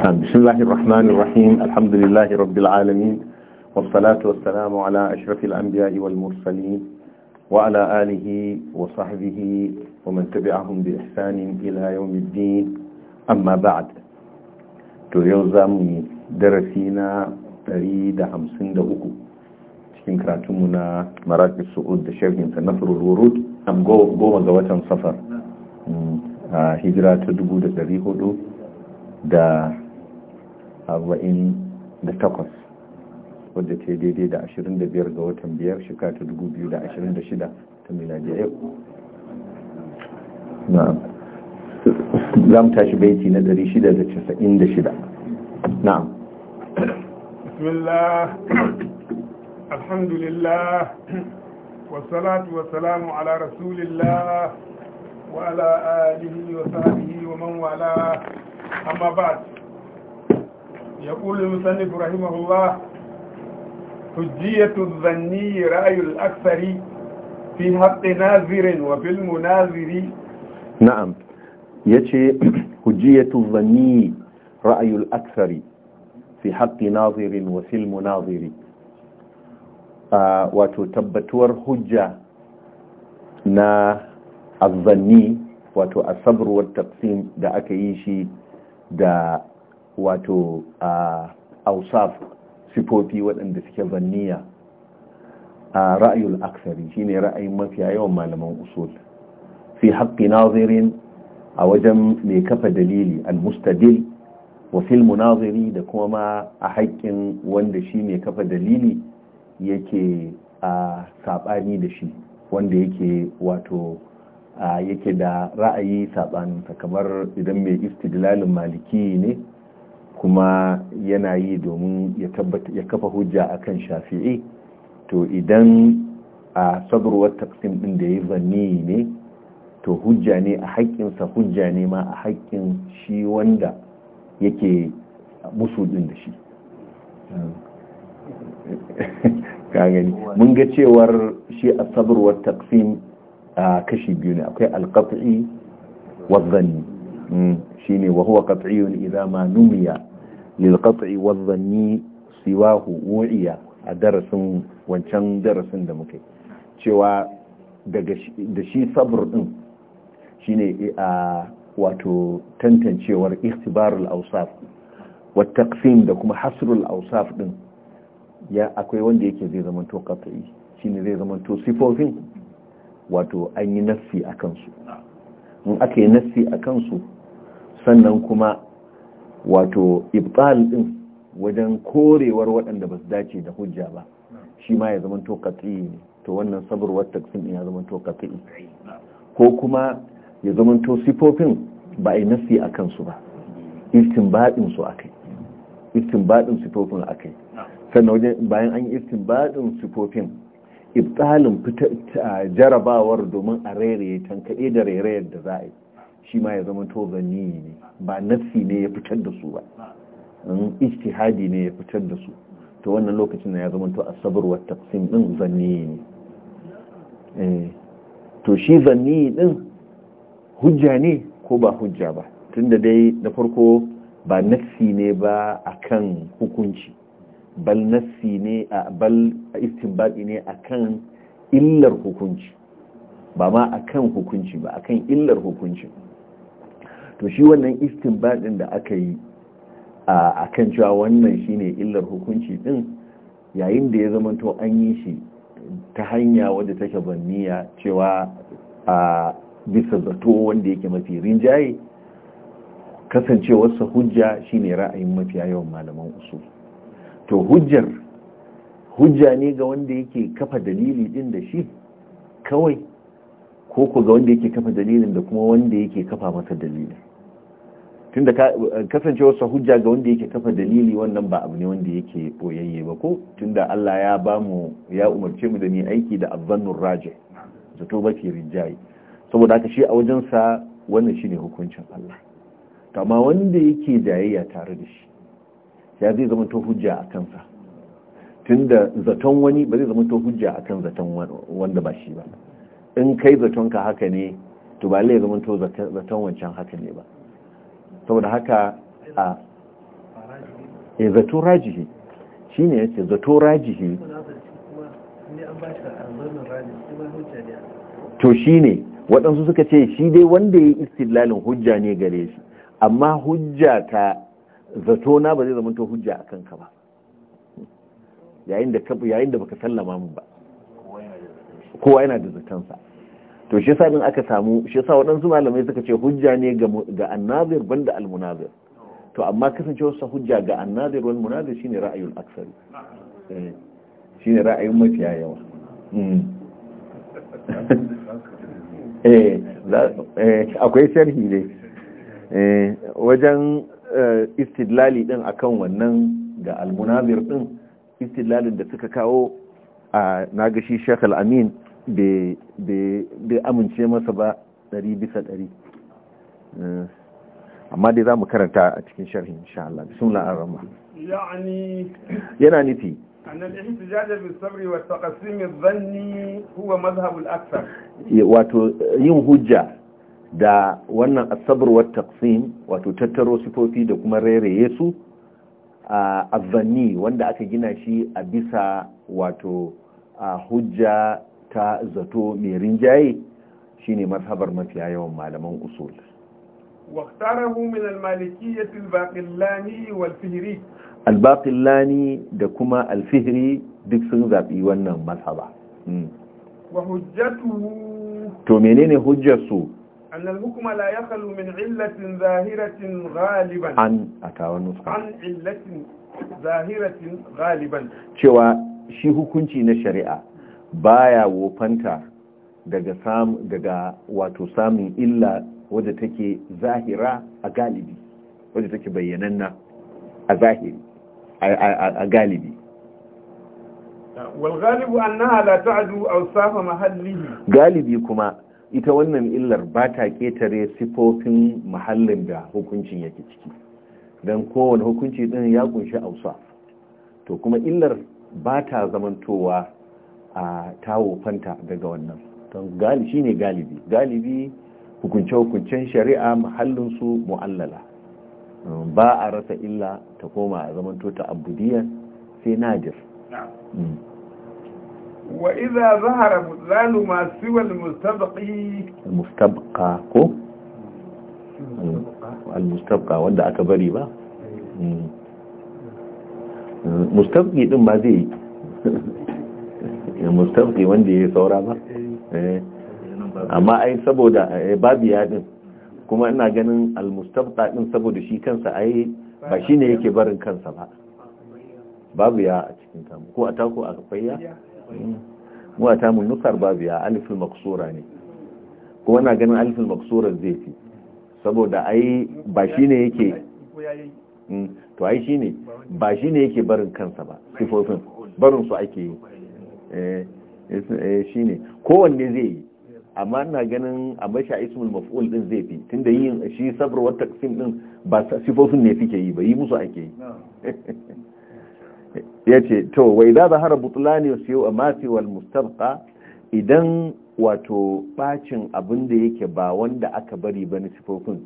بسم الله الرحمن الرحيم الحمد لله رب العالمين والصلاة والسلام على أشرف الأنبياء والمرسلين وعلى آله وصحبه ومن تبعهم بإحسان إلى يوم الدين أما بعد تريوزم درسينا تريد همسند أكو تكين كراتمنا na marakis su'ud تنفر الورود أم قوة قوة نعم. آه، goma هجرات دبودة safar دو hijira da arba'in da takwas wadda ta daidai da ashirin da biyar ga watan biyar shekara ta dubu biyu da ashirin da shida ta miladiya yau za mu tashi baiti na dari shida da casa'in da shida bismillah alhamdulillah wasalatu wasalamu ala rasulillah wa ala alihi wa sahbihi wa man wala amma يقول المصنف رحمه الله حجية الظني رأي الأكثر في حق ناظر وفي المناظر نعم يتي حجية الظني رأي الأكثر في حق ناظر وفي المناظر آه، وتتبتور حجة نا الظني وتأصبر والتقسيم دا أكيشي دا wato a ausaf sifofi waɗanda suke zanniya a ra'ayul aksari shine ra'ayin mafiya yawan malaman usul fi haƙƙi nazirin a wajen mai kafa dalili al-mustadil wa fil munaziri da kuma ma a haƙƙin wanda shi mai kafa dalili yake a saɓani da shi wanda yake wato yake da ra'ayi saɓaninsa kamar idan mai istidlalin maliki ne kuma yana yi domin ya kafa hujja akan shafi'i to idan a sabarwar taksim din da ya zanni ne to hujja ne a haƙƙinsa hujja ne ma a haƙƙin shi wanda yake musu din da shi gani mun ga cewar shi a sabarwar taksim a kashi biyu ne akwai alƙafi wa zanni hmm. shi ne wa huwa ƙafi idan ma numiya lilqat'i wazanni siwahu wu'iya a darasin wancan darasin da muke cewa daga da shi sabr din shine a wato tantancewar ikhtibarul awsaf wa taqsim da kuma hasrul awsaf din ya akwai wanda yake zai zama to qat'i shine zai zama to sifofin wato an yi nassi a kansu in aka yi nassi a kansu sannan kuma wato ibtal din wajen korewar waɗanda ba su dace da hujja ba shi ma ya zama to katsi ne to wannan sabarwar taksin ya zama to katsi ko kuma ya zama to sifofin ba a nasi a kansu ba istinbadin su a akai istinbadin sifofin kai. sannan wajen bayan an yi istinbadin sifofin ibtalin jarabawar domin a rairaye tankaɗe da rairayar da za a yi shi ma ya zama to zanni ne ba nafsi ne ya fitar da su ba ijtihadi ne ya fitar da su to wannan lokacin ya zama to asabar wa taqsim din zanni ne eh, to shi zanni din hujja ne ko ba hujja ba tunda dai na farko ba nafsi ne ba akan hukunci bal nafsi ne a bal istinbadi ne akan illar hukunci ba ma akan hukunci ba akan illar hukunci to shi wannan istinbadin da aka yi a kan cewa wannan shine illar hukunci ɗin, yayin da ya zama to an yi shi ta hanya wadda ta banniya cewa a bisa zato wanda yake mafi rinjaye kasancewarsa hujja shine ra'ayin mafiya yawan malaman usul to hujjar hujja ne ga wanda yake kafa dalili ɗin da shi kawai ko ku ga wanda yake kafa dalilin da kuma wanda yake kafa masa dalilin tunda kasance wasu hujja ga wanda yake kafa dalili wannan ba abu ne wanda yake boyayye ba ko tunda Allah ya ba mu ya umarce mu da ni aiki da azzannur raji zato ke rijayi saboda haka shi a wajen sa wannan shine hukuncin Allah amma wanda yake jayayya tare da shi ya zai zama to hujja a kansa tunda zaton wani ba zai zama to hujja a kan zaton wanda ba shi ba in kai zaton ka haka ne to ba lai zama to zaton wancan haka ne ba saboda haka a e zato rajihi shi ne yace zato rajihi to shi ne waɗansu suka ce shi dai wanda ya yi istilalin hujja ne gare shi amma hujja ta zato na ba zai zama to hujja a kanka ba yayin da baka sallama mu ba kowa yana da zatonsa to shi yasa din aka samu shi yasa waɗansu malamai suka ce hujja ne ga annazir banda almunazir to amma kasance wasu hujja ga annazir wal munazir shine ra'ayul aksari eh, shine ra'ayin mafi yawa hmm. eh, eh akwai sharhi ne eh, wajen istidlali din akan wannan ga almunazir din istidlalin da suka kawo a nagashi shi amin bai amince masa ba ɗari bisa ɗari eh, amma dai za mu karanta a cikin sharhin insha Allah bismillah ar-rahman yana nufi wato yin hujja da wannan asabar wa taqsim wato tattaro sifofi da kuma rairaye su a wanda aka gina shi a bisa wato hujja ta zato mai rinjaye shine mazhabar mafiya yawan malaman usul waktarahu min al-malikiyyah al-baqillani wal-fihri al-baqillani da kuma al-fihri duk sun zaɓi wannan mazhaba hmm. wa hujjatuhu to menene hujjar su an al-hukm la yakhlu min illatin zahiratin an atawa nuska an illatin zahiratin ghaliban cewa shi hukunci na shari'a baya wofanta daga sam daga wato samun illa wadda take zahira a galibi wadda take bayyananna a zahiri a galibi walgalibu annaha la ta'du safa mahallihi galibi kuma ita wannan illar ba ta ketare sifofin mahallin da hukuncin yake ciki don kowane hukunci din ya kunshi ausaf to kuma illar ba ta zamantowa a tawo fanta daga wannan don ne galibi galibi hukunce-hukuncen shari'a mahallinsu mu'allala ba a rasa illa ta koma a zaman ta abudiyar sai nadir mm. wa iza zahara mutlalu masu wal mustabqi mustabqa ko al wanda aka bari ba mm. Mm. mustabqi din ba zai Eh, mustamfi wanda ya saura ba eh, amma ai saboda eh, babu yadin kuma ina ganin almustamfa din saboda shi kansa ai ba shi ne yake barin kansa ba babu ya a cikin tamu ko a tako a kafayya hmm. mu a tamun nukar babu ya alifin maksura ne kuma ina ganin alifin makusura zai fi saboda ai ba shi ne yake hmm, to ai shi ne ba shi ne yake barin kansa ba sifofin barin su ake yi Eh, eh, shi kowanne zai yi amma ina ganin a a ismul maf'ul din zai fi tunda yin shi wata taksim din ba sifofin ne fike yi ba yi musu ake yi ya ce to wai idza zahara butlani a amati wal mustabqa idan wato bacin abin da yake ba wanda aka bari bane sifofin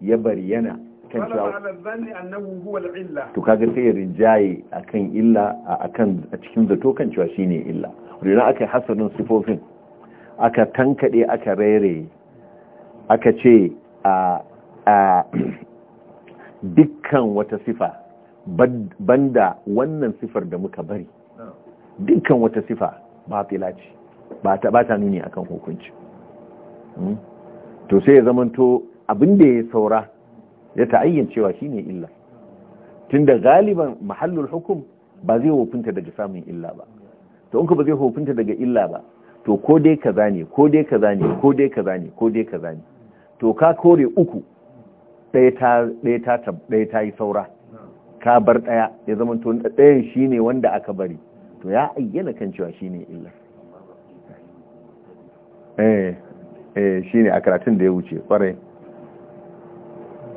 ya bari yana. kan cewa to kaga sai ya rinjaye akan illa a cikin zato kan cewa shine illa rina aka hasadin sifofin aka tankade aka rere aka ce a a dukkan wata sifa banda wannan sifar da muka bari dukkan wata sifa ba fila ce ba ta nuni akan hukunci hmm? to sai ya zamanto abin da ya saura ya ta'ayyan cewa shine illa tunda galiban mahallul hukum ba zai hukunta daga samun illa ba to in ka ba zai hofinta daga illa ba to ko dai kaza ne ko dai kaza ne ko dai kaza ne ko dai kaza ne to ka kore uku daya ta yi saura ka bar daya ya zama to ɗayan shine wanda aka bari to ya ayyana kan cewa shine illa eh eh shine a karatun da ya wuce kwarai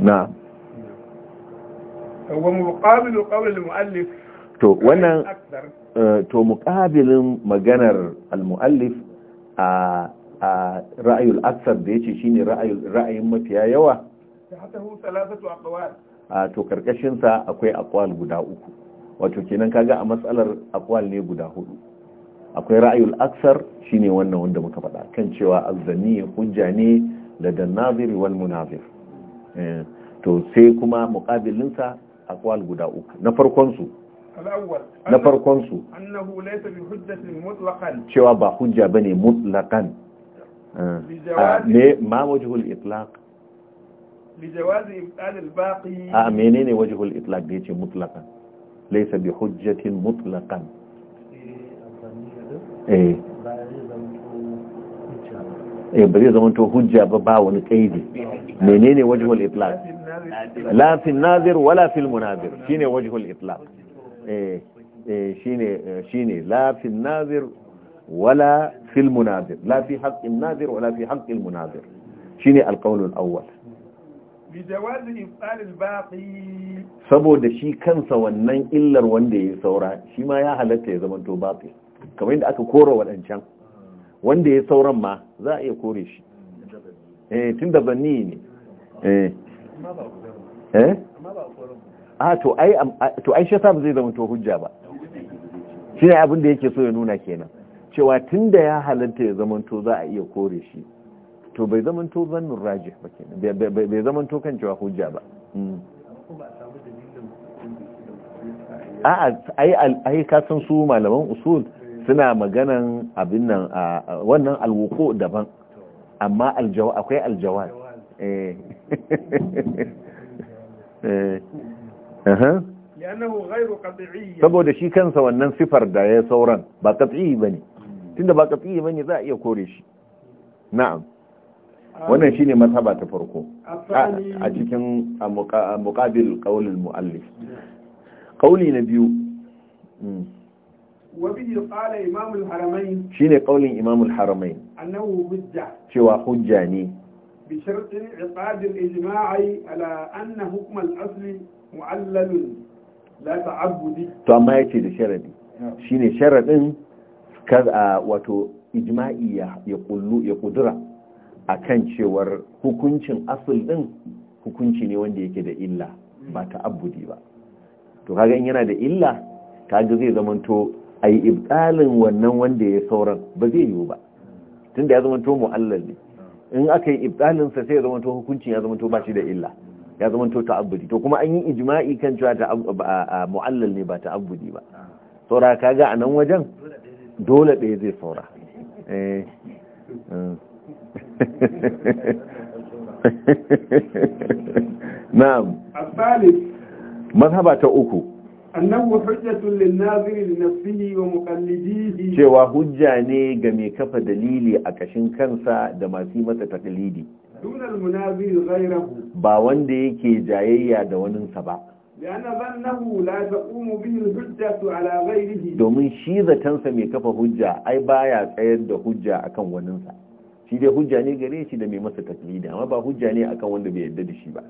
na wa muqabilu qawl al to wannan eh, to muqabilin maganar al-mu'allif a a al aksar da yace shine ra'ayi ra'ayin mafiya yawa a to karkashin sa akwai aqwal guda uku wato kenan kaga a matsalar aqwal ne guda hudu akwai ra'ayul aksar shine wannan wanda muka faɗa kan cewa az-zani hujja ne da nazir wal munazir Eh, to sai kuma muƙabilinsa akwal guda uku na farkonsu na farkonsu cewa ba hujja ba ne mutlaƙan ne eh, ah, ma wajihul itlaq a ah, menene wajihul itlaq da ya ce mutlaƙan laisa bi hujjatin mutlaƙan eh Eh, ba zai zama to hujja ba ba wani kaidi menene wajhul itlaq la fil nazir wala fil munazir shine wajhul itlaq eh, eh shine shine la fil nazir wala fil munazir la fi haqqi nazir wala fi haqqi al munazir shine bi qawl al albaqi saboda shi kansa wannan illar wanda ya saura shi ma ya halatta ya zama to baqi kamar yadda aka kora wadancan wanda ya sauran ma za a iya kore shi eh tun da banni ne eh eh ah, to ai to ai shi sabu zai zama to hujja ba shi ne abin da yake so ya nuna kenan cewa tun da ya halatta ya zama to za a iya kore shi to bai zama to zannin raji ba kenan bai zama to kan cewa hujja ba hmm. a'a ai ai ka san su malaman usul suna maganan abin nan wannan alwuko daban amma akwai aljawar eh. eh. saboda shi kansa wannan sifar da ya sauran ba katsi ba ne hmm. tunda ba katsi ba ne za a iya kore shi na'am wannan shi shine mazhaba ta farko a cikin muqabil ƙaunin muallif ƙauni na biyu hmm. Wa biyu ya fara imamul Shi ne ƙaunin imamul haramai. hujja? Cewa hujja ne. Bishiyar da jima'i To amma yace da sharaɗi. Shi ne sharaɗin su ijma'i wato jima'i ya kudura a kan cewar hukuncin asal ɗin hukunci ne wanda yake da illa. Ba ta abu ba. To kaga in yana da illa, ta ga zai zamanto. a yi ibtalin wannan wanda ya sauran ba zai yiwu ba tun da ya zama to mu'allal ne in aka yi sa sai ya zama to hukuncin ya zama to ba shi da illa ya zama to ta'abbudi to kuma an yi ijma'i kan cewa ta mu'allal ne ba ta'abbudi ba saura kaga a nan wajen dole ɗaya zai saura eh. na'am mazhaba ta uku annahu hujjatun lin-naziri li nafsihi wa muqallidihi cewa hujja ne ga mai kafa dalili a kashin kansa da masu masa taqlidi dunal munaziri ghayrahu ba wanda yake jayayya da waninsa ba لأن ظنه لا تقوم به الحجة على غيره domin shi zatansa mai kafa hujja ai baya tsayar da hujja akan waninsa shi dai hujja ne gare shi da mai masa taklidi amma ba hujja ne akan wanda bai yarda da shi ba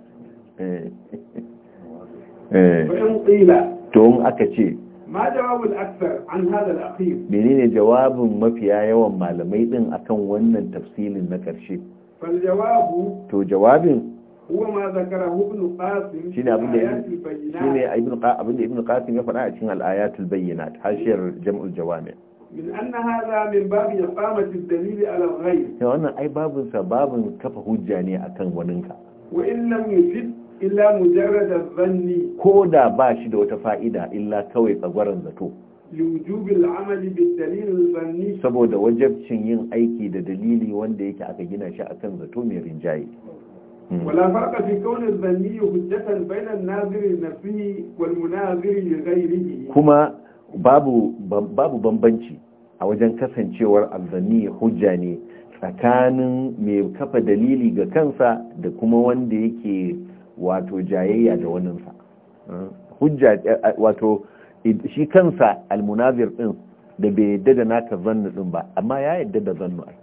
eh. Eh. to in aka ce ma jawabul aksar an hada menene jawabin mafiya yawan malamai din akan wannan tafsilin na karshe jawabu to jawabin huwa ma abin da ibn qasim ya faɗa a cikin al'ayatul ayatul bayyinat hashiyar jam'ul jawami' min anna hadha min bab iqamati ad-dalil ala al-ghayr to wannan ai babun babun kafa hujja ne akan waninka wa in lam yufid illa mujarrada zanni ko da ba shi da wata fa'ida illa kawai tsagwaron zato liwujubil amali bi dalilin zanni saboda wajabcin yin aiki da dalili wanda yake aka gina shi akan zato mai rinjaye hmm. wala farka ولا فرق في كون الظني حجة بين الناظر نفسه والمناظر لغيره كما babu babu bambanci a wajen kasancewar alzani hujja ne tsakanin mai kafa dalili ga kansa da kuma wanda yake wato jayayya da waninsa hujja wato shi kansa almunazir din da bai yadda da naka zannu din ba amma ya yadda da zannu ai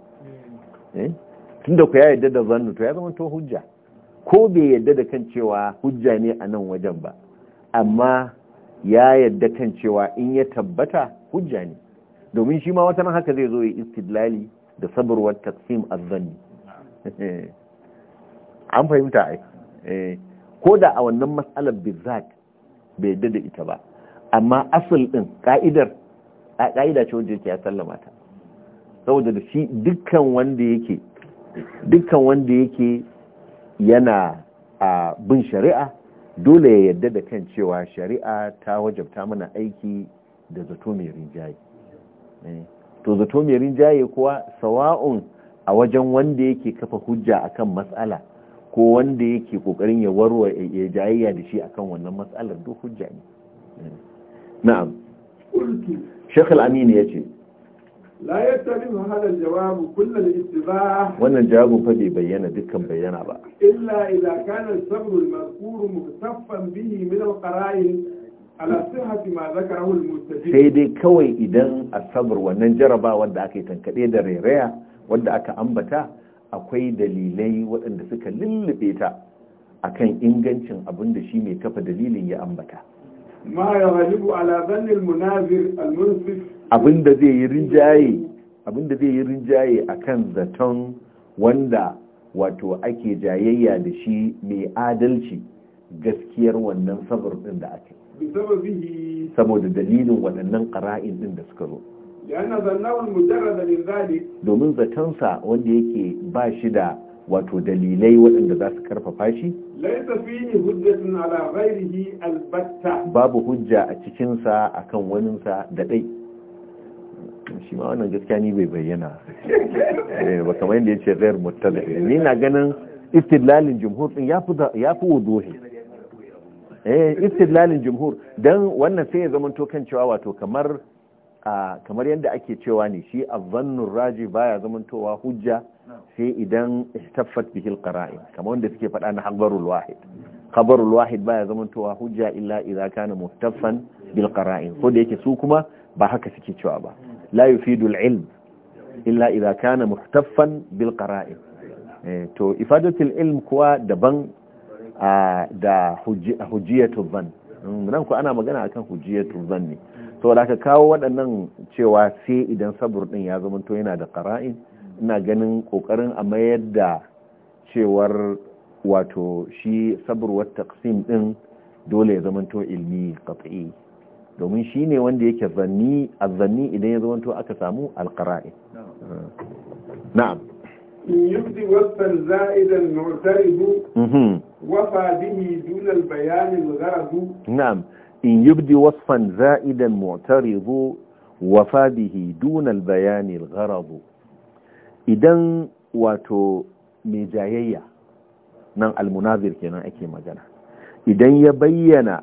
eh? Tunda ku ya yadda da zannu to ya zama to hujja ko bai yadda da kan cewa hujja ne a nan wajen ba amma ya yadda kan cewa in ya tabbata hujja ne domin shi ma wata haka zai zo ya istidlali da sabarwar taksim azzanni an fahimta ai Eh, ko da a wannan matsalar bizak bai yadda da ita ba amma asal din ka'idar ka'ida ce wanda yake ya sallama ta saboda da shi dukkan wanda yake dukkan wanda yake yana a bin shari'a dole ya yadda da kan cewa shari'a ta wajabta mana aiki da zato mai rinjaye eh, to zato mai rinjaye kuwa sawa'un a wajen wanda yake kafa hujja akan matsala ko wanda yake kokarin ya warware ya jayayya da shi akan wannan matsalar duk hujja ne na'am Sheikh al ya ce la yattabi'u hada al kull al wannan jawabu fa bai bayyana dukkan bayyana ba illa idza kana al al bihi min al-qara'in ala sihhati ma dhakarahu al-mustajib sai dai kawai idan asabar wannan jaraba wanda aka yi tankade da rairaya wanda aka ambata akwai dalilai waɗanda suka lullube ta a kan ingancin abin da shi mai kafa dalilin ya ambata ma ya wajibu ala munazir al-munsif abin da zai yi rinjaye a kan akan zaton wanda wato ake jayayya da shi mai adalci gaskiyar wannan sabar ɗin da ake saboda dalilin waɗannan ƙara'in ɗin da suka zo domin zatonsa wanda yake ba shi da wato dalilai waɗanda za su karfafa shi babu hujja a cikinsa a kan waninsa da ɗai shi ma wannan gaskiya ni bai bayyana ba kamar yadda ya ce rayar mutane ni na ganin istidlalin jumhur ɗin ya fi wudohi eh istidlalin jumhur don wannan sai ya zamanto kan cewa wato kamar kamar yadda ake cewa ne shi azzannun raji baya zamantowa hujja sai idan istaffat bihil qara'in kamar wanda suke faɗa na khabarul wahid khabarul wahid baya zamantowa hujja illa idza kana muhtaffan bil qara'i ko da yake su kuma ba haka suke cewa ba la yufidu al ilm illa idza kana muhtaffan bil qara'i eh, to ifadatul ilm kuwa daban da hujjiyatu dhann hmm, nan ku ana magana akan hujjiyatu dhann ne da ka kawo waɗannan cewa sai idan sabur ɗin ya zama to yana da ƙara'in ina ganin ƙoƙarin a mayar da cewar wato shi saburwar taksim ɗin dole ya zama to ilmi katsi domin shi ne wanda yake zanni a zanni idan ya zama to aka samu alƙara'in na'am yubdi wasan za'idan mu'taridu mhm. wafa bihi dunal bayanin gharadu na'am in yubdi wasfan za'idan mu'taridu wafa bihi dunal bayani al idan wato mai jayayya nan almunazir kenan ake magana idan ya bayyana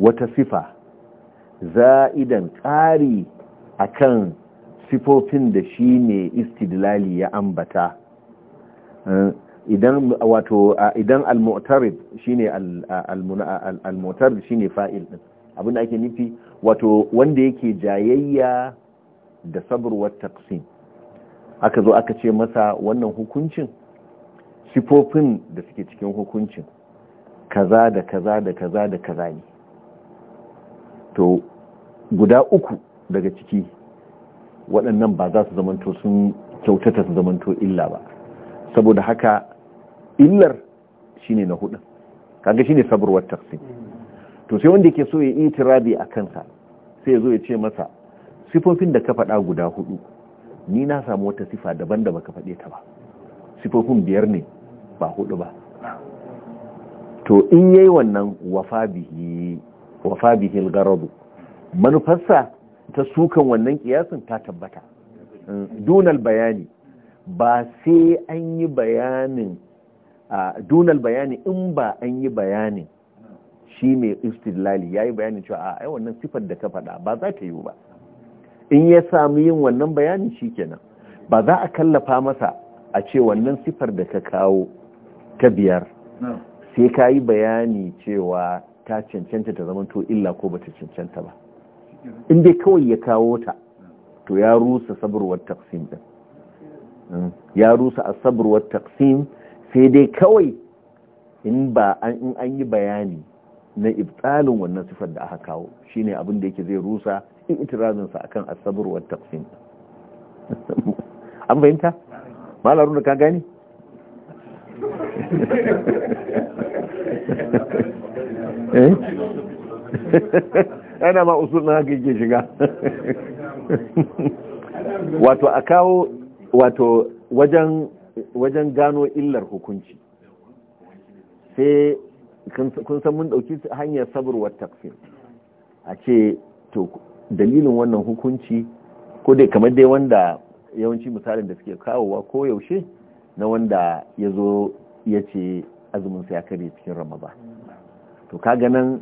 wata sifa za'idan ƙari akan sifofin da shi ne istidlali ya ambata idan wato idan al-mu'tarid shine al-mu'tarid shine fa'il din abinda ake nufi wato wanda yake jayayya da sabrwar taqsim aka zo aka ce masa wannan hukuncin sifofin da suke cikin hukuncin kaza da kaza da kaza da kaza ne to guda uku daga ciki waɗannan ba za su zamanto sun kyautata su zamanto illa ba saboda haka illar shine na hudun kaga shine sabarwar taksi to sai wanda ke so ya itirabi a kansa sai ya zo ya ce masa sifofin da ka faɗa guda hudu ni na samu wata sifa daban da baka faɗe ta ba sifofin biyar ne ba hudu ba to in yayi wannan wafa bihi wafa bihi manufarsa ta sukan wannan kiyasin ta tabbata mm, dunal bayani ba sai an yi bayanin dunal bayani in ba an yi bayanin shi mai istidlali ya yi bayanin cewa a wannan sifar da ka faɗa ba za ta yi ba in ya samu yin wannan bayani shi kenan ba za a kallafa masa a ce wannan sifar da ka kawo ta biyar sai ka yi bayani cewa ta cancanta ta zama to illa ko ba ta cancanta ba in dai kawai ya kawo ta to ya rusa sabarwar taksim hmm. ya rusa a sabarwar taksim sai dai kawai in ba in an yi bayani na ibtalin wannan sifar da aka kawo shine abin da yake zai rusa in itirazin sa akan asabr wa taqsim an bayinta malaru da ka gani eh ana ma usul na haka shiga wato a kawo wato wajen wajen gano illar hukunci sai kun san mun ɗauki hanyar sabarwar tafsir a ce to dalilin wannan hukunci ko dai kamar dai wanda yawanci misalin da suke kawowa ko yaushe na wanda ya zo ya ce sa ya karye cikin ramaba to kaga nan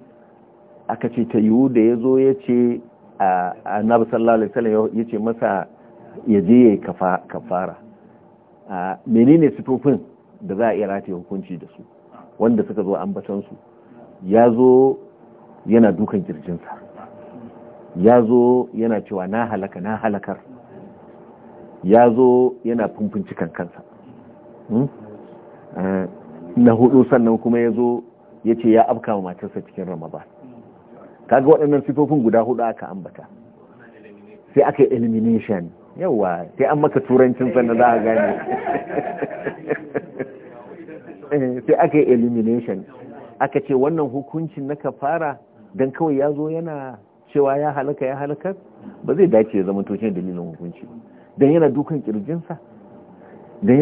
aka ce ta yiwu da ya zo ya ce a nabi sallallahu alaihi wasallam ya ce masa ya je ya yi kafara menene sifofin da za a iya rataye hukunci da su wanda suka zo ambatansu ya zo yana dukan ƙirjinsa. ya zo yana cewa na halaka na halakar ya zo yana fumfunci kankansa hmm? na hudu sannan kuma ya zo ya ce ya afka wa matarsa cikin ramadan kaga waɗannan sifofin guda hudu aka ambata sai aka yi elimination yauwa sai an maka turancin sannan za a gane eh, sai aka yi elimination aka ce wannan hukuncin na kafara don kawai ya zo yana cewa ya halaka ya halakar ba zai dace ya zama toshin dalilin hukunci don yana dukan kirjinsa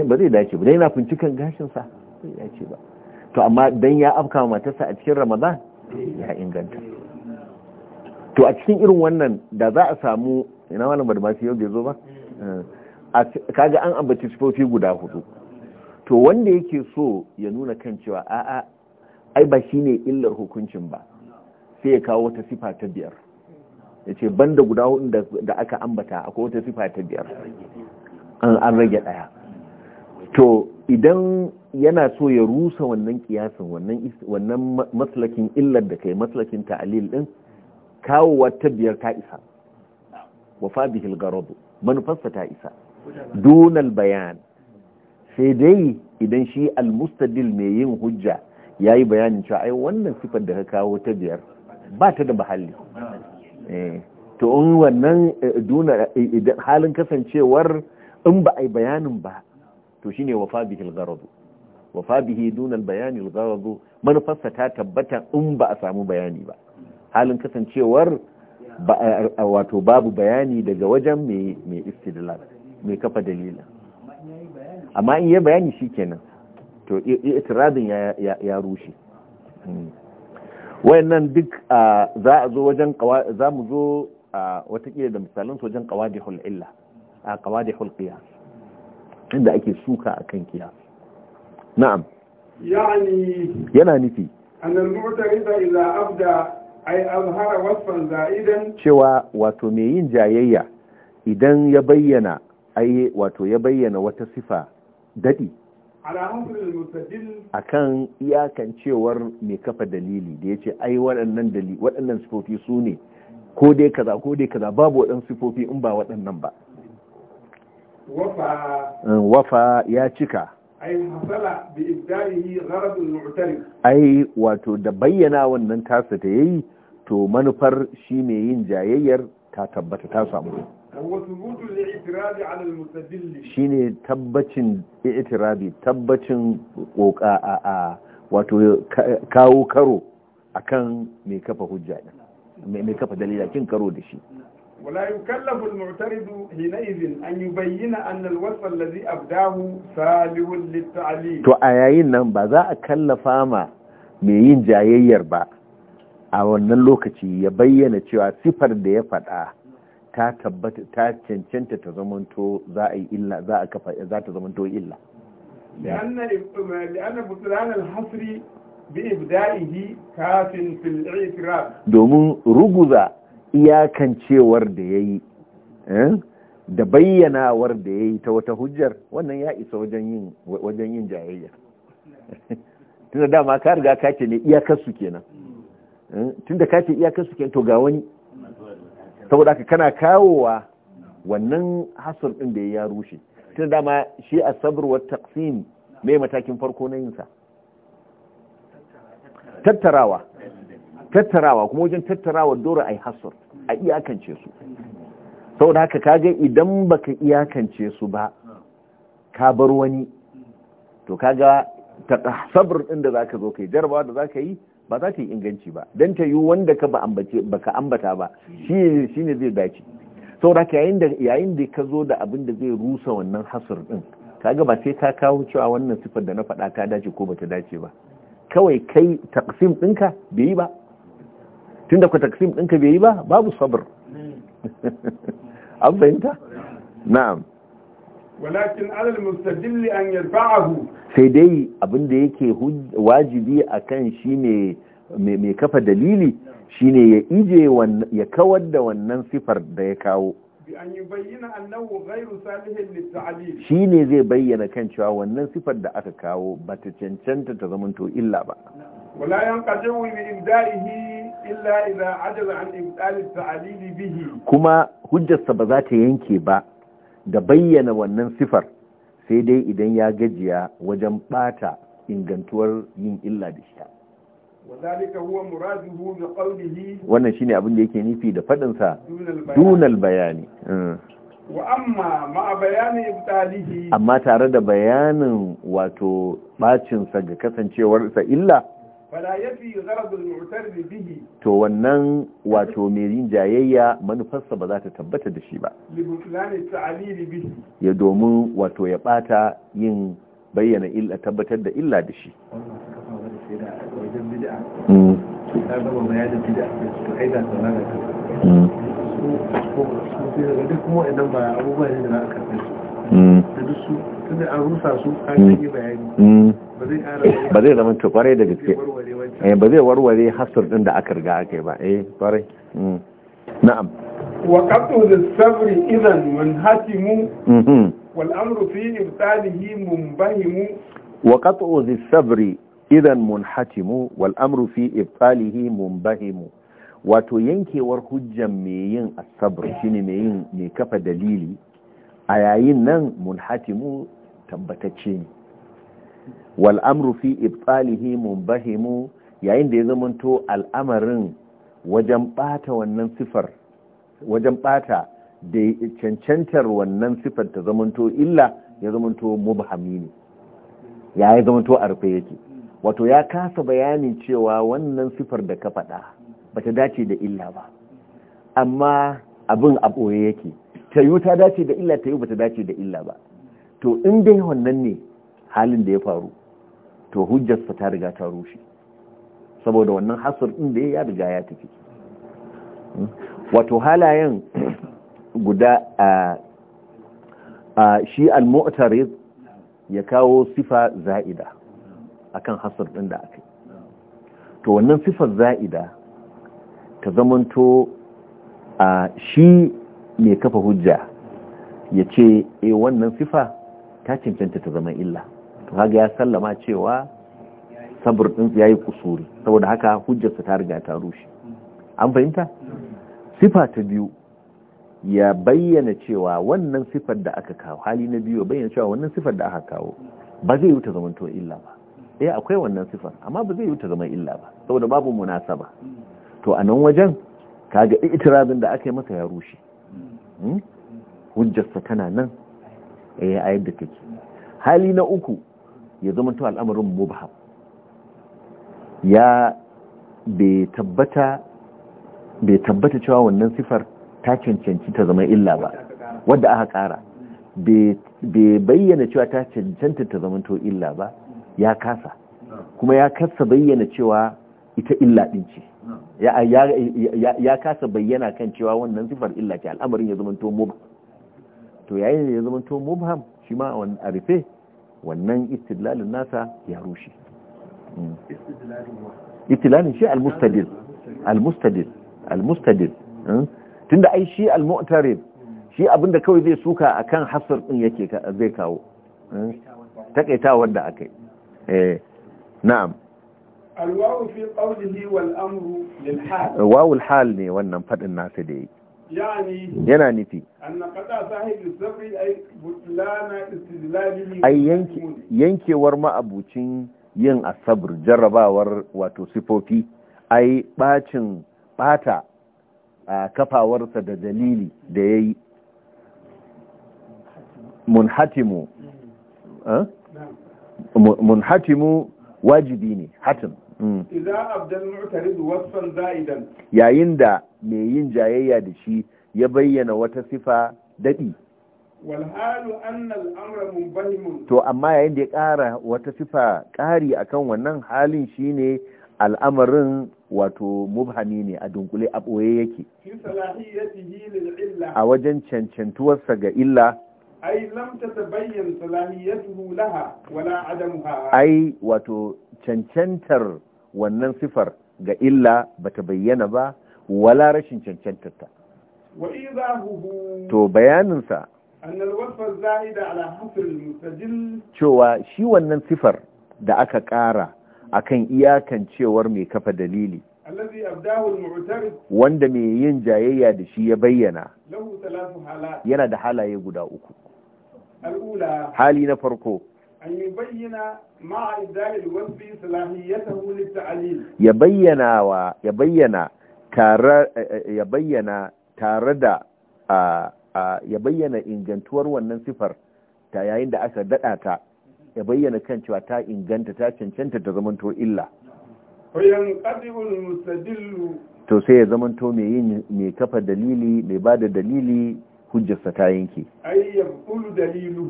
ba zai dace ba don yana fincikan gashinsa zai dace ba to amma don ya afka matarsa a cikin ramadan ya inganta to a cikin irin wannan da za a samu ina malam masu yau bai zo ba eh. kaga an ambaci sifofi guda hudu to wanda yake so ya nuna kan cewa a'a ai ba shine illar hukuncin ba sai ya kawo wata sifa ta biyar ya ce banda guda hudu da aka ambata akwai wata sifa ta biyar an rage daya to idan yana so ya rusa wannan kiyasin wannan maslakin illar da kai maslakin ta'alil din kawo wata biyar ta isa wa bihil garadu manufarsa ta isa dunal bayan sai dai idan shi al-mustadil mai yin hujja ya yi bayanin cewa ai wannan sifar da ka kawo ta biyar ba ta da mahalli to in wannan duna halin kasancewar in ba a bayanin ba to shine wafa bihil garadu wafa bihi dunal bayanil garadu manufarsa ta tabbata in ba a samu bayani ba halin kasancewar wato babu bayani daga wajen mai istidlal mai kafa dalila amma in yi bayani shi kenan to itirazin ya rushe hmm. wayannan duk za a zo wajen za mu zo watakila da misalin wajen kawadihul illa a kawadihul hulƙiya inda ake suka a kan kiya na'am yana nufi annal mu'tarida abda ai azhara wasfan za'idan cewa wato mai yin jayayya idan ya bayyana ai wato ya bayyana wata sifa dadi akan cewar mai kafa dalili da ya ce ai waɗannan dalili waɗannan sifofi su ne ko dai kaza ko dai kaza babu waɗannan sifofi in ba waɗannan ba wafa mm, ya cika ai wato da bayyana wannan tasa ta yayi to manufar shi ne yin jayayyar ta tabbata ta samu shi ne tabbacin itirabi tabbacin koka a wato kawo karo a kan mai kafa hujja mai kafa dalila kin karo da shi wala yukallafu al hina hinaizin an yubayyana anna al-wasf alladhi abdahu salihun lit-ta'lim to a yayin nan ba za a kallafa ma mai yin jayayyar ba a wannan lokaci ya bayyana cewa sifar da ya faɗa ta tabbata ta cancanta ta zamanto za a yi illa za a kafa za ta zamanto illa domin ruguza iyakancewar da ya yi eh, da bayyanawar da ya yi ta wata hujjar wannan ya isa wajen yin jayayya Tunda dama ka riga ka ce ne iyakarsu kenan Eh, tunda ka ce iyakar su to ga wani saboda haka kana kawowa wannan hasar ɗin da ya rushe tunda dama shi a sabarwar Taksim mai matakin farko na yinsa tattarawa tattarawa kuma wajen tattarawa dora yi hasar a iyakance su saboda haka kaga idan baka iyakance su ba ka bar wani to kaga sabar din da ka zo kai jarabawa da zaka yi ba za ta yi inganci ba don ta yi wanda ka ba ambata ba shi ne zai dace saboda yayin da yayin da ka zo da abin da zai rusa wannan hasur din kaga ba sai ka kawo cewa wannan sifar da na faɗa ta dace ko ba ta dace ba kawai kai taksim ɗinka bai yi ba tunda ku taksim ɗinka bai yi ba babu sabr hmm. an fahimta na'am walakin alal mustajilli an yarfa'ahu sai dai abin da yake wajibi akan shine mai kafa dalili shine ya ije ya kawar da wannan sifar da ya kawo shi ne zai bayyana kan cewa wannan sifar da aka kawo ba ta cancanta ta zamanto illa ba wala yanqadu bi ibda'ihi illa idza ajaza an ibdal at bihi kuma hujjarsa ba za ta yanke ba da bayyana wannan sifar sai dai idan ya gajiya wajen bata ingantuwar yin illa da shi wannan shine abin da yake nufi da fadinsa dunal bayani mm. amma tare da bayanin wato bacinsa ga kasancewarsa illa to wannan wato mai yin jayayya manufarsa ba za ta tabbata da shi ba ya domin wato ya bata yin bayyana illa tabbatar da illa da shi da duk kuma idan ba abubuwa ne da za a da duk su tunda an rusa su an hmm. bayani hmm. ba zai zama to kwarai da gaske eh, ba zai warware hasar din da aka riga aka yi ba eh kwarai hmm. na'am wa qatu as-sabr idan hatimu wal amru fi ibtalihi munbahimu wa qatu as sabri idan munhatimu wal amru fi ibtalihi munbahimu wato yankewar hujjan mai yin asabar shine mai yin mai kafa dalili a yayin nan munhatimu tabbatacce ne wal amru fi ibtalihi mumbahimu yayin da ya zamanto al'amarin wajen bata wannan sifar wajen bata da cancantar wannan sifar ta zamanto illa ya zamanto mubhami ne ya yi zamanto a rufe yake wato ya kasa bayanin cewa wannan sifar da ka faɗa ba ta dace da illa ba amma abin a ɓoye yake ta yi ta dace da illa ta yi ba ta dace da illa ba to in dai wannan ne halin da ya faru to hujjarsa ta riga ta rushe saboda wannan hasar ɗin da ya riga ya tafi wato halayen guda a shi al-mu'tarid ya kawo sifa za'ida akan hasar ɗin da aka to wannan sifar za'ida ta zamanto a shi mai kafa hujja ya ce e wannan sifa ta cancanta ta zama illa to kaga ya sallama cewa sabr din yayi kusuri saboda haka hujjarsa ta riga ta rushe an fahimta sifa ta biyu ya bayyana cewa wannan sifar da aka kawo hali na biyu bayyana cewa wannan sifar da aka kawo ba zai yi ta zama to illa ba eh akwai wannan sifar amma ba zai yi ta zama illa ba saboda babu munasaba to a nan wajen kaga itirazin da aka yi masa ya rushe hmm? hujjarsa tana nan eh a yadda take hali na uku ya zama to al'amarin mubham ya bai tabbata bai tabbata cewa wannan sifar ta cancanci ta zama illa ba wadda aka kara bai bayyana cewa ta cancanta ta zama to illa ba ya kasa kuma ya kasa bayyana cewa ita illa din ce ya kasa bayyana kan cewa wannan sifar illa ce al'amarin ya zama to mubham to yayin da ya zama to mubham shi ma a rufe wannan istidlalin nasa ya rushe hmm. istidlalin shi al-mustadil al-mustadil al-mustadil hmm. tunda ai shi al-mu'tarid shi abinda kawai zai suka akan hasar din yake zai kawo hmm. takaitawar wanda akai eh na'am alwawu fi qawlihi wal amru lil hal wawu al hal ne wannan fadin nasa da yake yana nufi ai yankewar ma'abucin yin asabr jarrabawar wato sifofi ai bacin bata a kafawarsa da dalili da ya yi munhatimu hatimu wajibi ne hatin? Mm. yayin da mai yin jayayya da shi ya bayyana wata sifa daɗi to amma yayin da ya ƙara wata sifa ƙari akan wannan halin shine al'amarin wato mubhami ne a dunkule a ɓoye yake a wajen cancantuwarsa ga illa ai lam tatabayyan salahiyatuhu laha wala adamuha ai wato cancantar wannan sifar ga illa bata bayyana ba wala rashin cancantarta to bayanin bayaninsa cewa shi wannan sifar da aka ƙara akan iyakancewar mai kafa dalili wanda mai yin jayayya da shi ya bayyana yana da halaye guda uku hali na farko أن يبين مع إبدال الوصف صلاحيته للتعليل يبين و يبين ya bayyana ingantuwar wannan sifar ta yayin da aka dada ta ya bayyana kan cewa ta inganta ta cancanta ta zamanto illa to sai ya zamanto mai yin mai kafa dalili mai ba da dalili hujjarsa ta yanke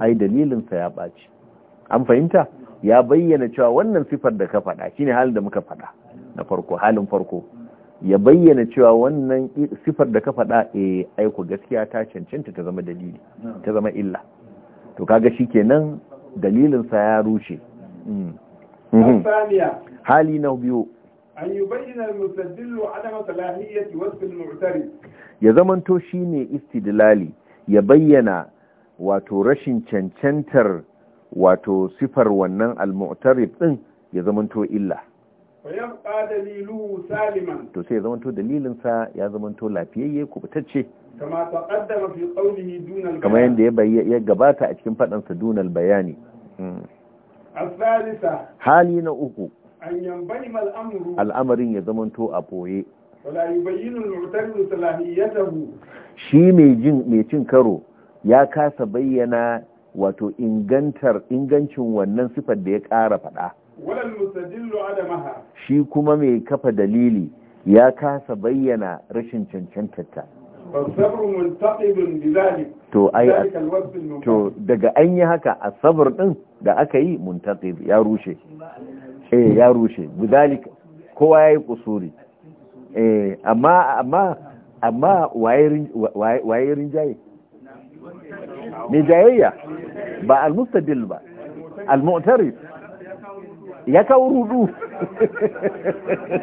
ai dalilin sa ya ɓaci an fahimta ya bayyana cewa wannan sifar da ka faɗa shine halin da muka faɗa na farko halin farko ya bayyana cewa wannan sifar da ka faɗa eh aiko gaskiya ta cancanta ta zama dalili ta zama illa to kaga shikenan dalilin sa ya rushe mm. mm-hmm. hali na biyu an yi bayyana musaddillu adama salahiyyati al-mu'tari ya zamanto shine istidlali ya bayyana wato rashin cancantar wato sifar wannan al-mu'tarib din ya zamanto illa to sai ya zamanto dalilinsa ya zamanto lafiyayye kubutacce kama yadda ya gabata a cikin faɗansa dunal bayani hmm. hali na uku al'amarin ya zamanto a boye shi mai cin karo ya kasa bayyana wato ingantar ingancin wannan sifar da ya ƙara faɗa shi kuma mai kafa dalili ya kasa bayyana rashin cancantarta to ai to daga an yi haka a sabar ɗin da aka yi muntaqib ya rushe eh ya rushe bidalik kowa yi kusuri eh amma amma amma waye waye rinjaye mai jayayya ba al-mustadil ba al-mu'tarif ya kawo rudu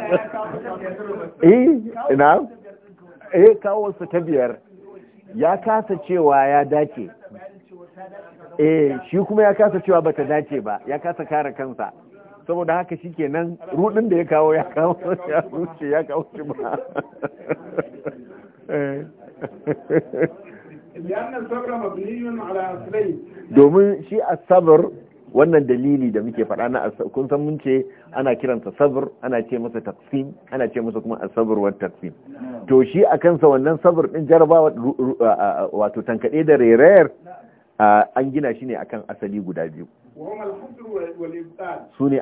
eh ina eh kawo su ta biyar ya kasa cewa ya dace eh shi kuma ya kasa cewa bata dace ba ya kasa kare kansa saboda haka shi kenan rudin da ya kawo ya kawo ya ruce ya kawo shi ba eh. domin shi sabar wannan dalili da muke faɗa na kun san mun ce ana kiransa sabr ana ce masa taksim ana ce masa kuma asabar wa taksim to shi a kansa wannan sabr ɗin jaraba wato tankade da rerayar an gina shi ne akan asali guda biyu su ne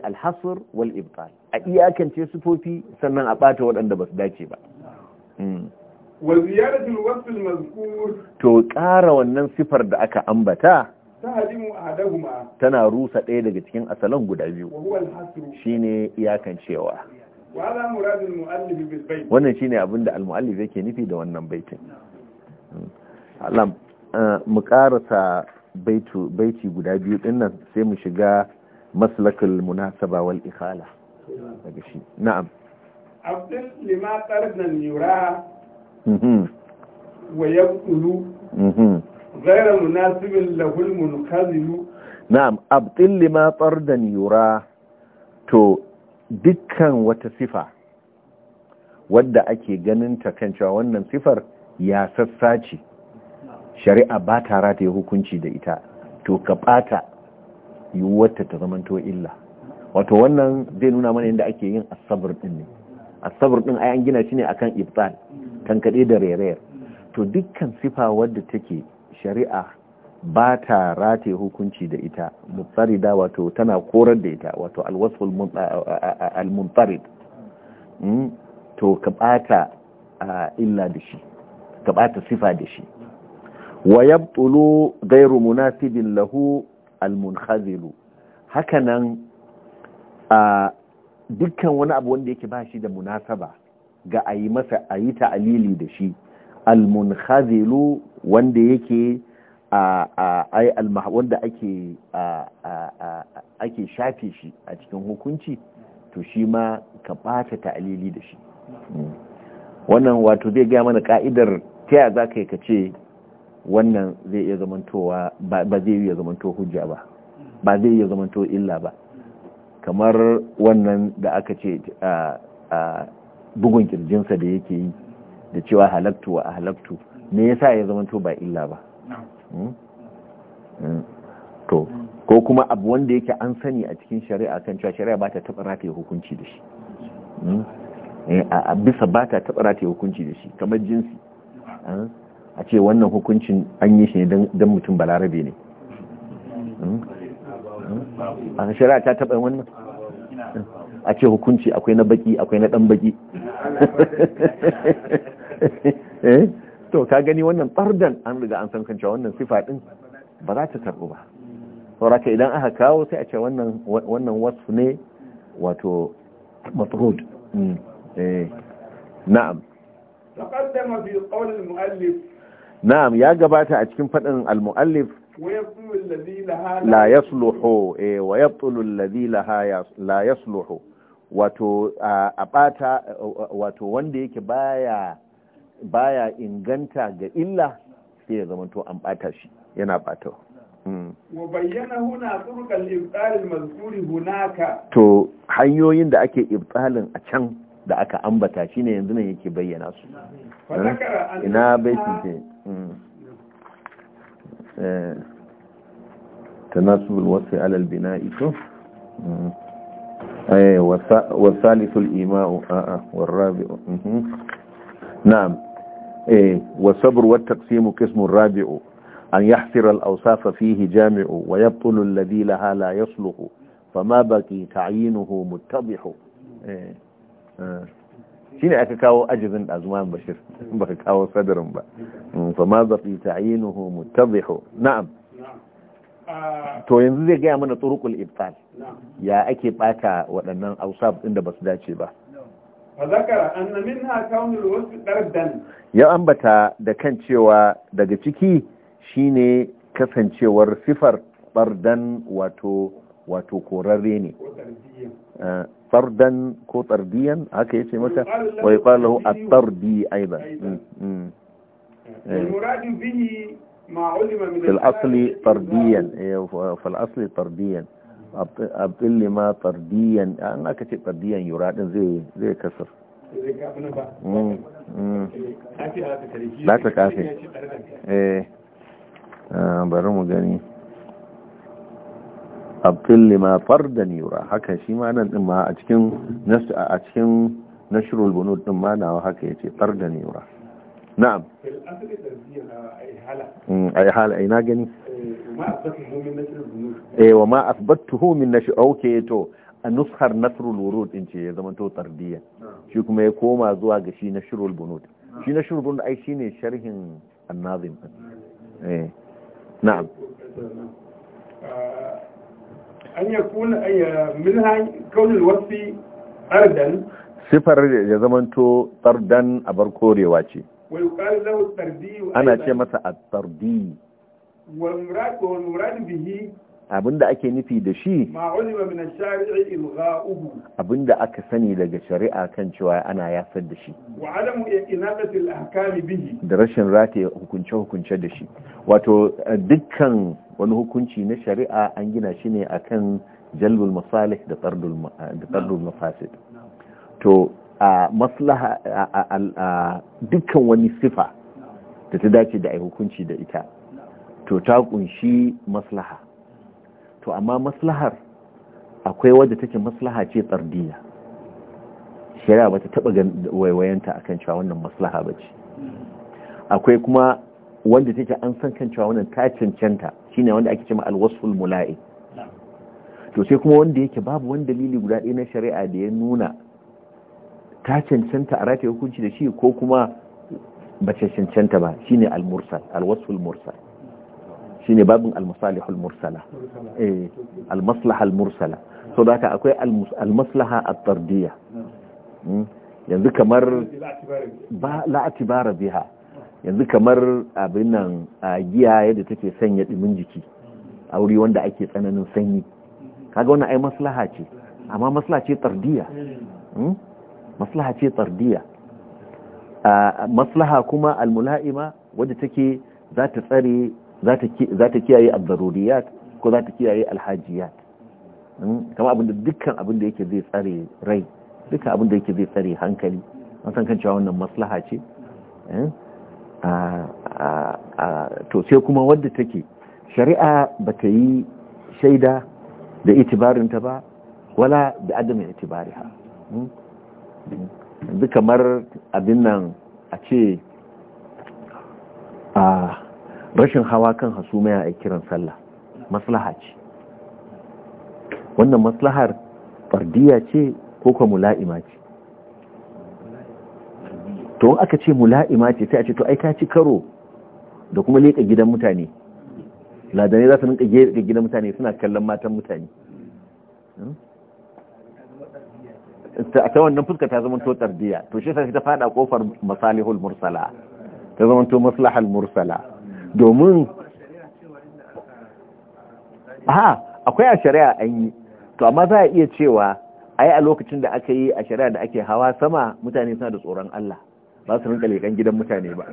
wal ibtal a iyakance sufofi sannan a ɓata waɗanda ba su dace ba wa ziyaratul wasf mazkur to ƙara wannan sifar da aka ambata tana rusa ɗaya daga cikin asalan guda biyu shine iyakan cewa wannan shine abin da al-muallif yake nufi da wannan baitin Allah eh, mu karasa baitu baiti guda biyu din nan sai mu shiga maslakul munasaba wal ikhala daga shi na'am abdul lima qarnan yura Mhm. wa yabtulu mhm. ghayra munasibin lahul munkazilu na'am abtil lima tardan yura to dukkan wata sifa wadda ake ganin ta kan cewa wannan sifar ya sassa ce shari'a ba ta rataye hukunci da ita to ka bata yiwuwarta ta zamanto illa wato wannan zai nuna mana yadda ake yin asabar din ne asabar din ai gina shi ne akan ibtal tankaɗe da rairayar to dukkan sifa wadda take shari'a ba ta rate hukunci da ita mutsarida wato tana korar da ita wato alwasful almuntarid hmm? to ka bata illa da shi ka bata sifa da shi wa yabtulu ghayru munasibin lahu almunhazilu hakanan dukkan wani abu wanda yake ba shi da munasaba ga a yi masa a yi ta'alili da shi almunhazilu wanda yake wanda ake ake shafe shi a cikin hukunci to shi ma ka ɓata ta'alili da shi hmm. wannan wato zai gaya mana ka'idar ta ya za ka yi ka ce wannan zai iya zamantowa ba zai iya zamanto hujja ba ba zai iya zamanto illa ba kamar wannan da aka ce bugun kirjinsa da yake yi da cewa halaktu wa halaktu me yasa ya zama to ba illa ba hmm? Hmm. to ko kuma abu wanda yake an sani a cikin shari'a kan cewa shari'a ba ta taɓa ya hukunci da shi hmm? eh, a bisa ba ta taɓa ya hukunci da shi kamar jinsi a ce wannan hukuncin an yi shi ne don mutum balarabe ne a shari'a ta taɓa wannan a ce hukunci akwai na baki akwai na dan baki eh? to ka gani wannan bardan an riga an san kanta wannan sifa din ba za ta tarbu ba sauraka idan aka kawo sai a ce wannan wannan wasu ne wato matrud hmm. eh. na'am taqaddama fi qawl al-mu'allif na'am ya gabata a cikin fadin al-mu'allif la لا يصلح ويبطل الذي لها لا يصلح wato a bata wato wanda yake baya baya inganta ga illa sai ya zama to an bata shi yana bata hmm. wa bayyana huna turqal ibtal al-mazkuri hunaka to hanyoyin da ake ibtalin a can da aka ambata shine yanzu ne yake bayyana su ina baiti ce hmm. eh. tanasul wasi ala al-bina'i to hmm. والثالث الإيماء اه, آه، والرابع نعم إيه، والصبر والتقسيم قسم الرابع أن يحفر الأوصاف فيه جامع ويبطل الذي لها لا يصلح فما بقي تعيينه متضح shine aka kawo ajizin azman bashir baka kawo sadarin ba fa ma baqi ta'inuhu to yanzu zai gaya mana turukul ibtal ya ake bata waɗannan ausab inda ba su dace ba ya ambata da kan cewa daga ciki shine kasancewar sifar bardan wato wato korarre ne fardan ko tardiyan eh, haka yace mata wai qalahu at-tardi aidan في الأصل طرديا في الأصل gani abdul lima fardan shi ma nan din ma a cikin a cikin nashrul ma nawa haka yace fardan yura na'am mm, ai hala ai na gani eh, eh wa ma asbattuhu min nashi okay to a nushar nasrul wurud in ce ya zama to tarbiya shi kuma ya koma zuwa ga shi na shirul bunud shi na shirul bunud ai shine sharhin annazim eh na'am eh, an yakuna minha kaunul wasfi ardan sifar ya zama to tardan abar korewa ce ana ce masa a شيء abinda ake nufi da shi abinda aka sani daga shari'a kan cewa ana yasar da shi da rashin rataye hukunce-hukunce da shi wato dukkan wani hukunci na shari'a an gina shi ne a kan jalbul masalih da tsardul mafasid to a maslaha a dukkan wani sifa da ta dace da hukunci da ita to ta kunshi maslaha to amma maslahar akwai wadda take maslaha ce tsardiya shari'a ba ta taɓa waiwayenta a kan cewa wannan maslaha ba ce akwai kuma wanda take an san kan cewa wannan ta cancanta shine wanda ake cewa alwasful mula'i to sai kuma wanda yake babu wani dalili guda ɗaya na shari'a da ya nuna ta cancanta a rataye hukunci da shi ko kuma ba ta cancanta ba shine al-mursal al wasul mursal shine babin al-masalihul mursala eh al-maslaha al-mursala so da haka akwai al-maslaha at-tardiya hmm? yanzu kamar ba atibara biha yanzu kamar abin nan giya yadda take sanya dimin jiki a wuri wanda ake tsananin sanyi kaga wannan ai maslaha ce amma maslaha ce tardiya hmm? maslaha ce tsardiya maslaha kuma almula'ima wadda take za ta tsare za ta kiyaye al-daruriyat ko za ta kiyaye alhajiyat hmm? kama abinda dukkan abinda yake zai tsare rai dukkan abinda yake zai tsare hankali an san kan cewa wannan maslaha ce hmm? to sai kuma wadda take shari'a ba ta yi shaida da itibarinta ba wala da adamin itibariha hmm? duk kamar abin nan a ce a rashin hawa kan hasumiya a kiran sallah maslaha ce wannan maslahar fardiya ce ko kuma mula'ima ce to aka ce mula'ima ce sai a ce to ai ka ci karo da kuma leka gidan mutane ladanai za su rinka gidan mutane suna kallon matan mutane hmm? ta wannan fuska ta zama to tarbiya to shi sai ta fada kofar masalihul mursala ta zama to maslahal mursala domin ha akwai a shari'a an yi to amma za a iya cewa ai a lokacin da aka yi a shari'a da ake hawa sama mutane suna da tsoron Allah ba su rinka leƙen gidan mutane ba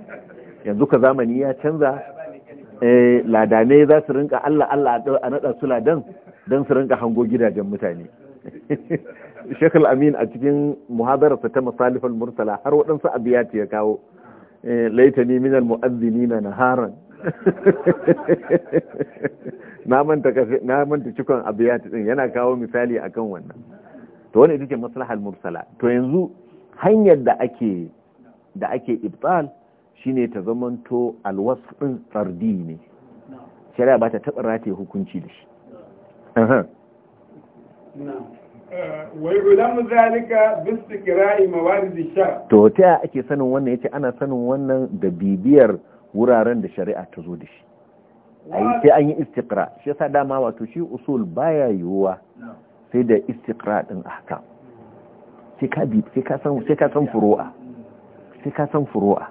yanzu ka zamani ya canza eh ladane za su rinka Allah Allah a nada su ladan dan su rinka hango gidajen mutane Sheikh Al-Amin a cikin muhadararsa ta Masalifal Mursala har waɗansu abiyati ya kawo eh, laitani min al-mu'adhdhinina naharan na manta na manta cikon abiyati din yana kawo misali akan wannan to wannan ita ce maslahal mursala to yanzu hanyar da ake da ake ibtal shine ta zamanto alwas din tsardi ne shari'a ba ta taɓa rataye hukunci da shi ويعلم ذلك باستقراء موارد الشرع to ta ake sanin wannan yace ana sanin wannan da bibiyar wuraren da shari'a ta zo da shi ai sai an yi istiqra shi yasa dama wato shi usul baya yiwuwa sai da istiqra din ahkam sai ka bi sai ka san sai ka san furu'a sai ka san furu'a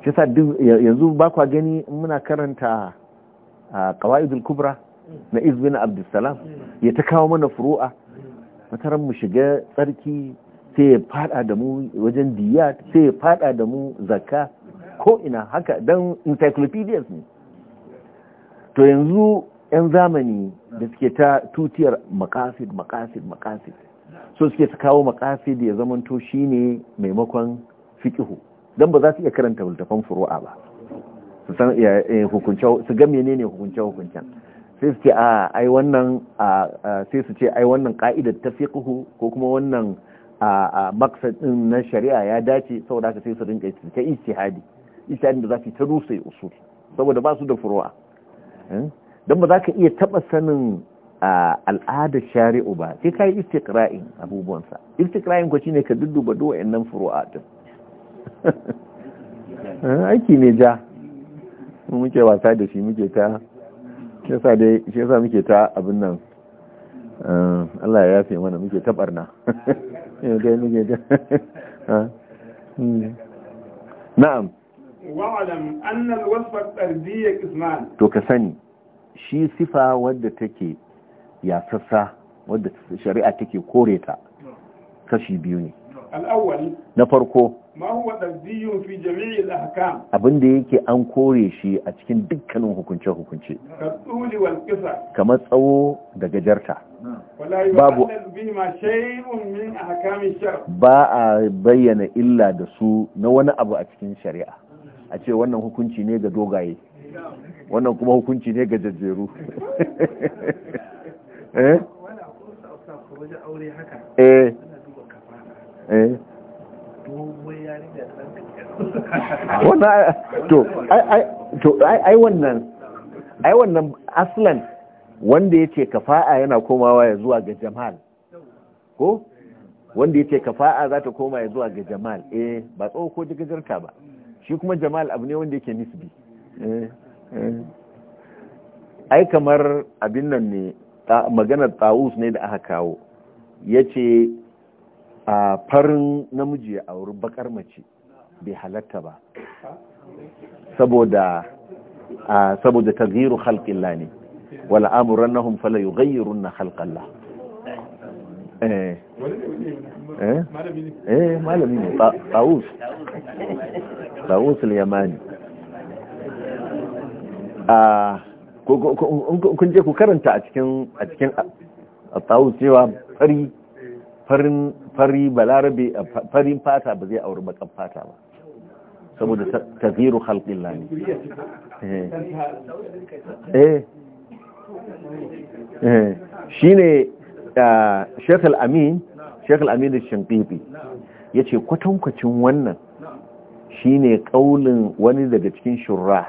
shi yasa duk yanzu ba kwa gani muna karanta ah, qawaidul kubra mm. na ibn abdussalam mm. ya ta kawo mana furu'a wataran mu shiga tsarki sai ya fada da mu wajen diyat sai ya fada da mu zakka ko ina haka don encyclopedias ne to yanzu 'yan zamani da suke ta tutiyar makasid makasid makasid so suke ta kawo makasid ya zamanto shine maimakon fikihu don ba za su iya karanta littafan furu'a ba su san eh, hukunce su ga menene hukunce hukuncen sai su ce a ai wannan ka'idar ta kuhu ko kuma wannan maksad din na shari'a ya dace saboda aka sai su rinka ta ijtihadi ijtihadin da za ta rusa usul saboda ba su da furu'a eh? Don ba za ka iya taɓa sanin al'adar shari'u ba sai ka yi istiqra'in abubuwansa sa istiqra'in ko shine ka dudduba yan wayannan furuwa din eh, aiki ne ja muke wasa da shi muke shi yasa dai shi yasa muke ta abin nan eh, Allah ya yafe mana muke ta barna dai muke ta hmm. na'am wa'alam annal wasfa tarbiyya isman to ka sani shi sifa wadda take sassa, wadda shari'a take kore ta kashi biyu ne na farko abin da yake an kore shi a cikin dukkanin hukunce-hukunce kamar tsawo da gajarta babu ba a bayyana illa da su na wani abu a cikin shari'a a ce wannan hukunci ne ga dogaye wannan kuma hukunci ne ga jajjeru eh eh ai wannan aslan wanda ya ce ka fa'a yana komawa ya zuwa ga jamal ko wanda ya ce fa’a za ta koma ya zuwa ga jamal eh ba tsawo ko jigajarta ba shi kuma jamal abu ne wanda yake nisbi eh, eh. ai kamar abin nan ne maganar tsawus ne da aka kawo ya ce a farin namiji ya auri bakar mace bai halatta ba saboda saboda lani wala ne na amrunhum yi yughayyirun khalqallah eh eh eh malami ne taus taus al a kun je ku karanta a cikin a cikin taus cewa fari farin fari balarabe farin fata ba zai auri bakan fata ba saboda tafiru halƙin lani shi ne eh. eh. eh. shekul amin shekul amin da shankifi ya ce kwatankwacin wannan shi ne ƙaunin wani daga cikin shurra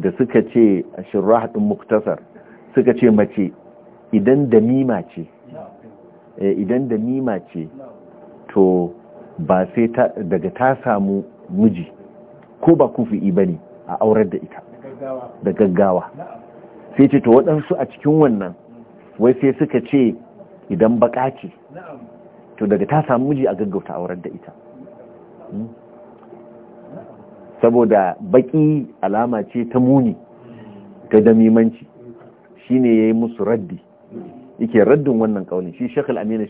da suka ce shurra haɗin muktasar suka ce mace idan damima ce Eh, idan da mima ce to ba sai daga ta samu miji ko ba kufi ba ne a aurar da ita da gaggawa sai ce to waɗansu a cikin wannan wai sai suka ce idan baƙa ce to daga ta samu miji a gaggauta aurar da ita hmm? saboda baƙi alama ce ta muni ta damimanci shi ne ya yi musu raddi yake raddin wannan kaunin shi Sheikh Al-Amin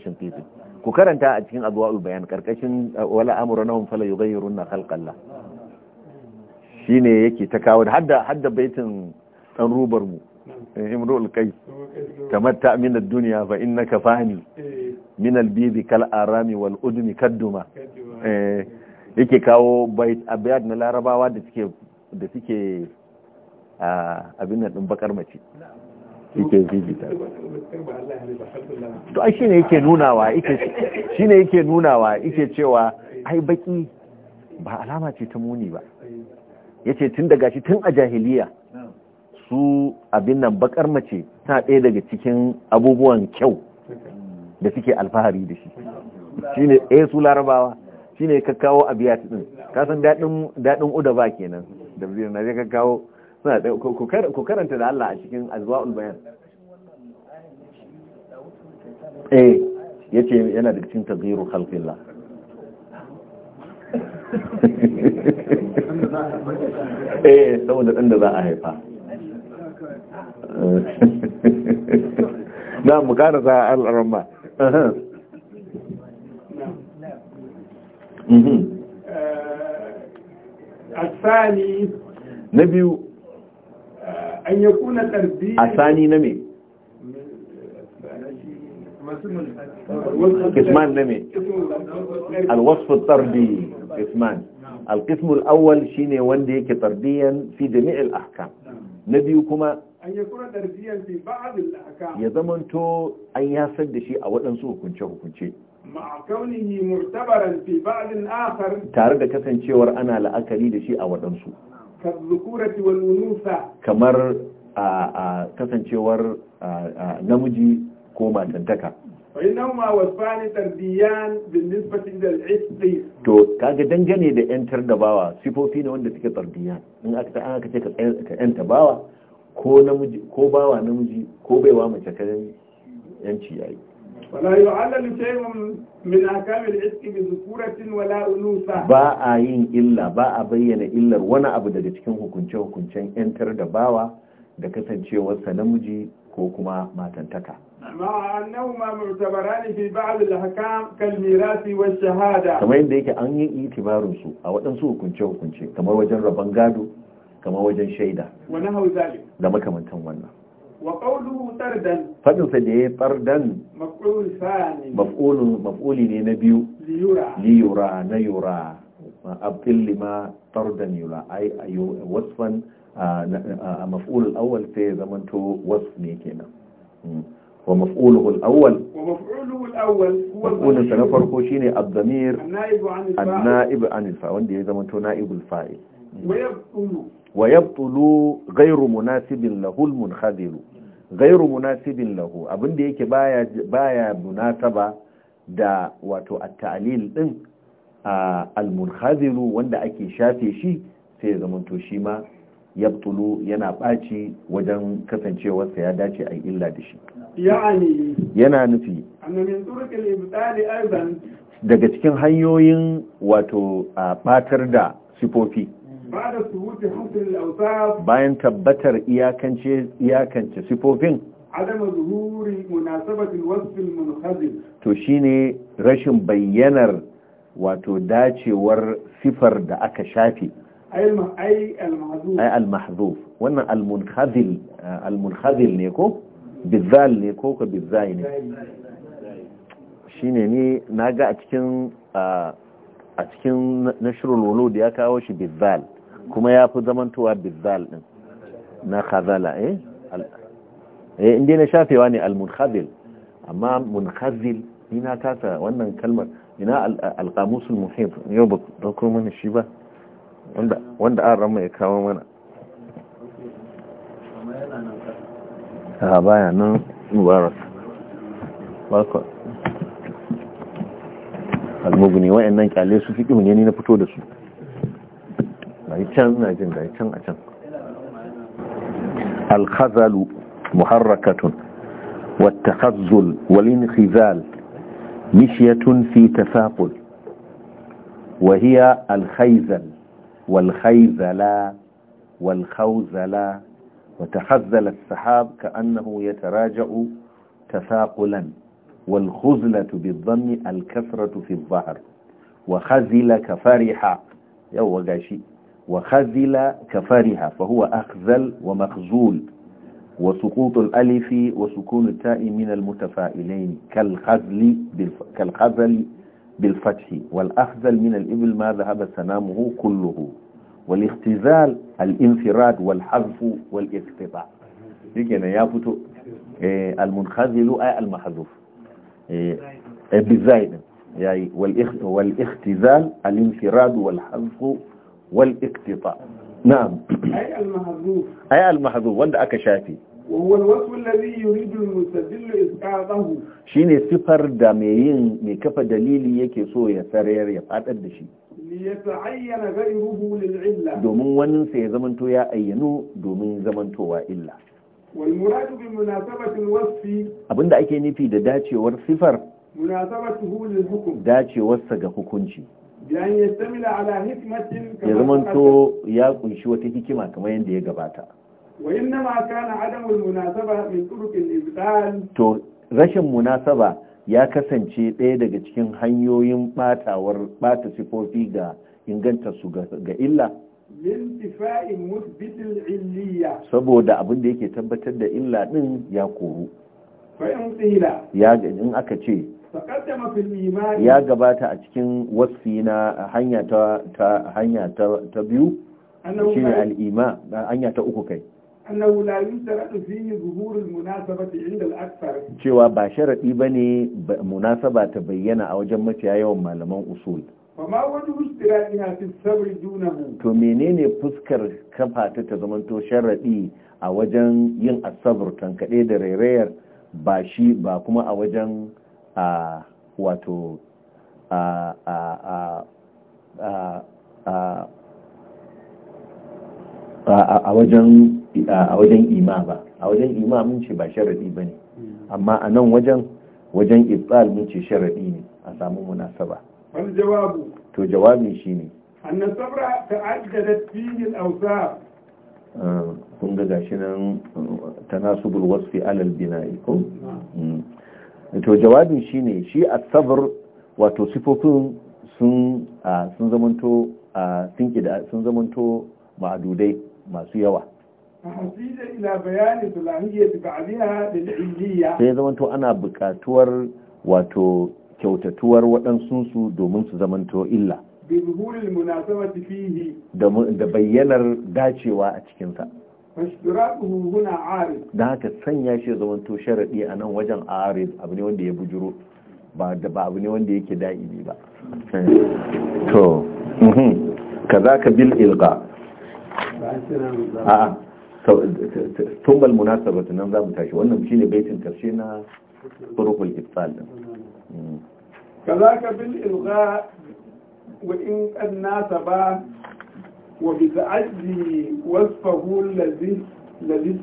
ku karanta a cikin Adwa'ul Bayan karkashin eh, wala nahum fala yughayyiruna khalqalla shine yake ta kawo hadda hadda baitin dan rubar mu eh, imrul kai tamatta min ad-dunya fa innaka fahmi min al-bibi kal arami wal udmi kadduma eh, yake kawo bait abiyad na larabawa da suke da suke ah, abin nan din bakar mace yake fifita to ai shine yake nunawa yake shine yake nunawa yake cewa ai baki ba alama ce ta muni ba yace tun daga shi tun a jahiliya su abin nan bakar mace ta ɗaya daga cikin abubuwan kyau da suke alfahari da shi shine eh su larabawa shine ka kawo abiyat ɗin ka san dadin uda ba kenan da biyar na ka kawo suna da ku karanta da Allah a cikin azwa'ul bayan eh yace yana da cikin taghiru khalqillah eh saboda dan da za a haifa na mu kana za al-ramma uh-huh. mm-hmm. uh, الثاني نبيو an ya kuna tarbi a sani na me kisman na me alwasfu tarbi kisman alkismul awwal shine wanda yake tarbiyan fi jami'il ahkam na biyu kuma ya kuna tarbiyan ya zamanto an yasar da shi a waɗansu hukunce hukunce tare da kasancewar ana la'akari da shi a waɗansu kamar a kasancewar namiji ko matantaka وإنهما tarbiyan bin nisbati إلى العتق to kaga dangane da yantar da bawa sifofi ne wanda suke tarbiya in aka ta aka ce ka yanta bawa ko namiji ko bawa namiji ko baiwa mace kan yanci yayi ولا يعلل شيء من أحكام العتق بذكورة ولا أنوثة ba a yin illa ba a bayyana illar wani abu daga cikin hukunce hukuncen yantar da bawa da kasancewarsa namiji ko kuma matantaka مع أنهما معتبران في بعض الأحكام كالميراث kamar yadda yake an yi itibarin su a waɗansu hukunce hukunce kamar wajen rabon gado kamar wajen shaida da makamantan wannan wa qawluhu tardan فجر فده فردا مفعول ثاني مفعول مفعول لنبي ليورا ليرى نيرى أبطل لما طردا يرى أي أي وصفا آه، آه، آه، مفعول الأول في زمن تو وصف نيكينا ومفعوله الأول ومفعوله الأول هو مفعول التنفر كوشيني الضمير النائب عن الفاعل النائب عن الفاعل وندي زمن تو نائب الفاعل ويبطل ويبطل غير مناسب له المنخذل gairu munasibin lahu abinda yake baya munasaba da wato at-ta'lil din al-munhaziru wanda ake shafe shi sai ya zamanto shi ma yabtulu yana baci wajen kasancewarsa ya dace a illa da shi yana nufi daga cikin hanyoyin wato a ɓatar da sifofi bayan tabbatar iyakance iyakance sifofin to shine rashin bayyanar wato dacewar sifar da aka shafe ai al wannan al-munkhazil al ne ko bizal ne ko ko bizai ne shine ni naga a cikin a cikin nashrul wulud ya kawo shi bizal kuma ya fi zamantowa bizal ɗin na khazala eh, eh inda na shafewa ne al-munkhazil amma munkhazil ina kasa wannan kalmar ina al-qamusul muhit yau ba dauko mana shi ba wanda wanda an rama ya kawo mana ah, a yana nan mubarak bakon al-mughni wa'annan kyale su fiqhu ne ni na fito da su الخزل الخذل محركة والتخذل والانخذال مشية في تثاقل وهي الخيزل والخيزلا والخوزلا وتخذل السحاب كأنه يتراجع تثاقلا والخزلة بالضم الكثرة في الظهر وخزل كفرح يو وقاشي وخذل كفرها فهو أخذل ومخزول وسقوط الألف وسكون التاء من المتفائلين كالخذل كالخذل بالفتح والأخذل من الإبل ما ذهب سنامه كله والاختزال الانفراد والحذف والاختطاع يجينا يا فتو إيه، المنخذل أي المحذوف إيه، بالزايد يعني والاختزال الانفراد والحذف والاقتطاع نعم na'am المحذوف al المحذوف wanda aka شافي وهو الوصف الذي يريد المستدل إسقاطه شيني سفر دا ميين مي كفا دليلي يكي سو يا سرير يا فادر دشي ليتعين غيره للعلة دومن ونن سي زمنتو يا أينو دومن زمنتو إلا والمراد بمناسبة الوصف أبن دا أيكي نفي دا داتي ور سفر مناسبته للحكم داتي وصق حكمشي ya zamanto ya kunshi wata hikima kamar yadda ya gabata to rashin munasaba ya kasance ɗaya daga cikin hanyoyin ɓatawar bata sifofi ga inganta su ga illa saboda abin da yake tabbatar da illa ɗin ya koru ya in aka ce ya gabata a cikin wasfi na hanya ta hanya ta biyu shine al'ima hanya ta uku kai cewa ba sharaɗi ba ne munasaba ta bayyana a wajen mafiya yawan malaman usul fama wajhu istiradiha fi sabr to menene fuskar kafa ta ta zamanto sharaɗi a wajen yin asabar tankaɗe da rairayar ba shi ba kuma a wajen a wato a a a a wajen a wajen ima ba a wajen ima mun ce ba sharadi ba ne amma a nan wajen wajen ibtal mun ce sharadi ne a samu munasaba jawabu. to jawabi shine annan sabra ta fihi al-awsaf kun ga gashi nan tanasubul wasfi alal bina'i ko to jawabin shi ne shi a sabar wato sifofin sun zamanto a sun da sun zamanto ma'adudai masu yawa sai zamanto ana buƙatuwar wato kyautatuwar waɗansunsu domin su zamanto illa da bayyanar dacewa a cikinsa da haka sanya shi zaman to sharaɗi a nan wajen arid abu ne wanda ya bujuro ba abu ne wanda yake da'ibi ba to ka za ka bil ilga a tumbal wata nan za mu tashi wannan shi ne baitin karshe na turukul ifsal din ka za ka bil ilga wa in ƙan nasa ba وبتعدي وصفه الذي الذي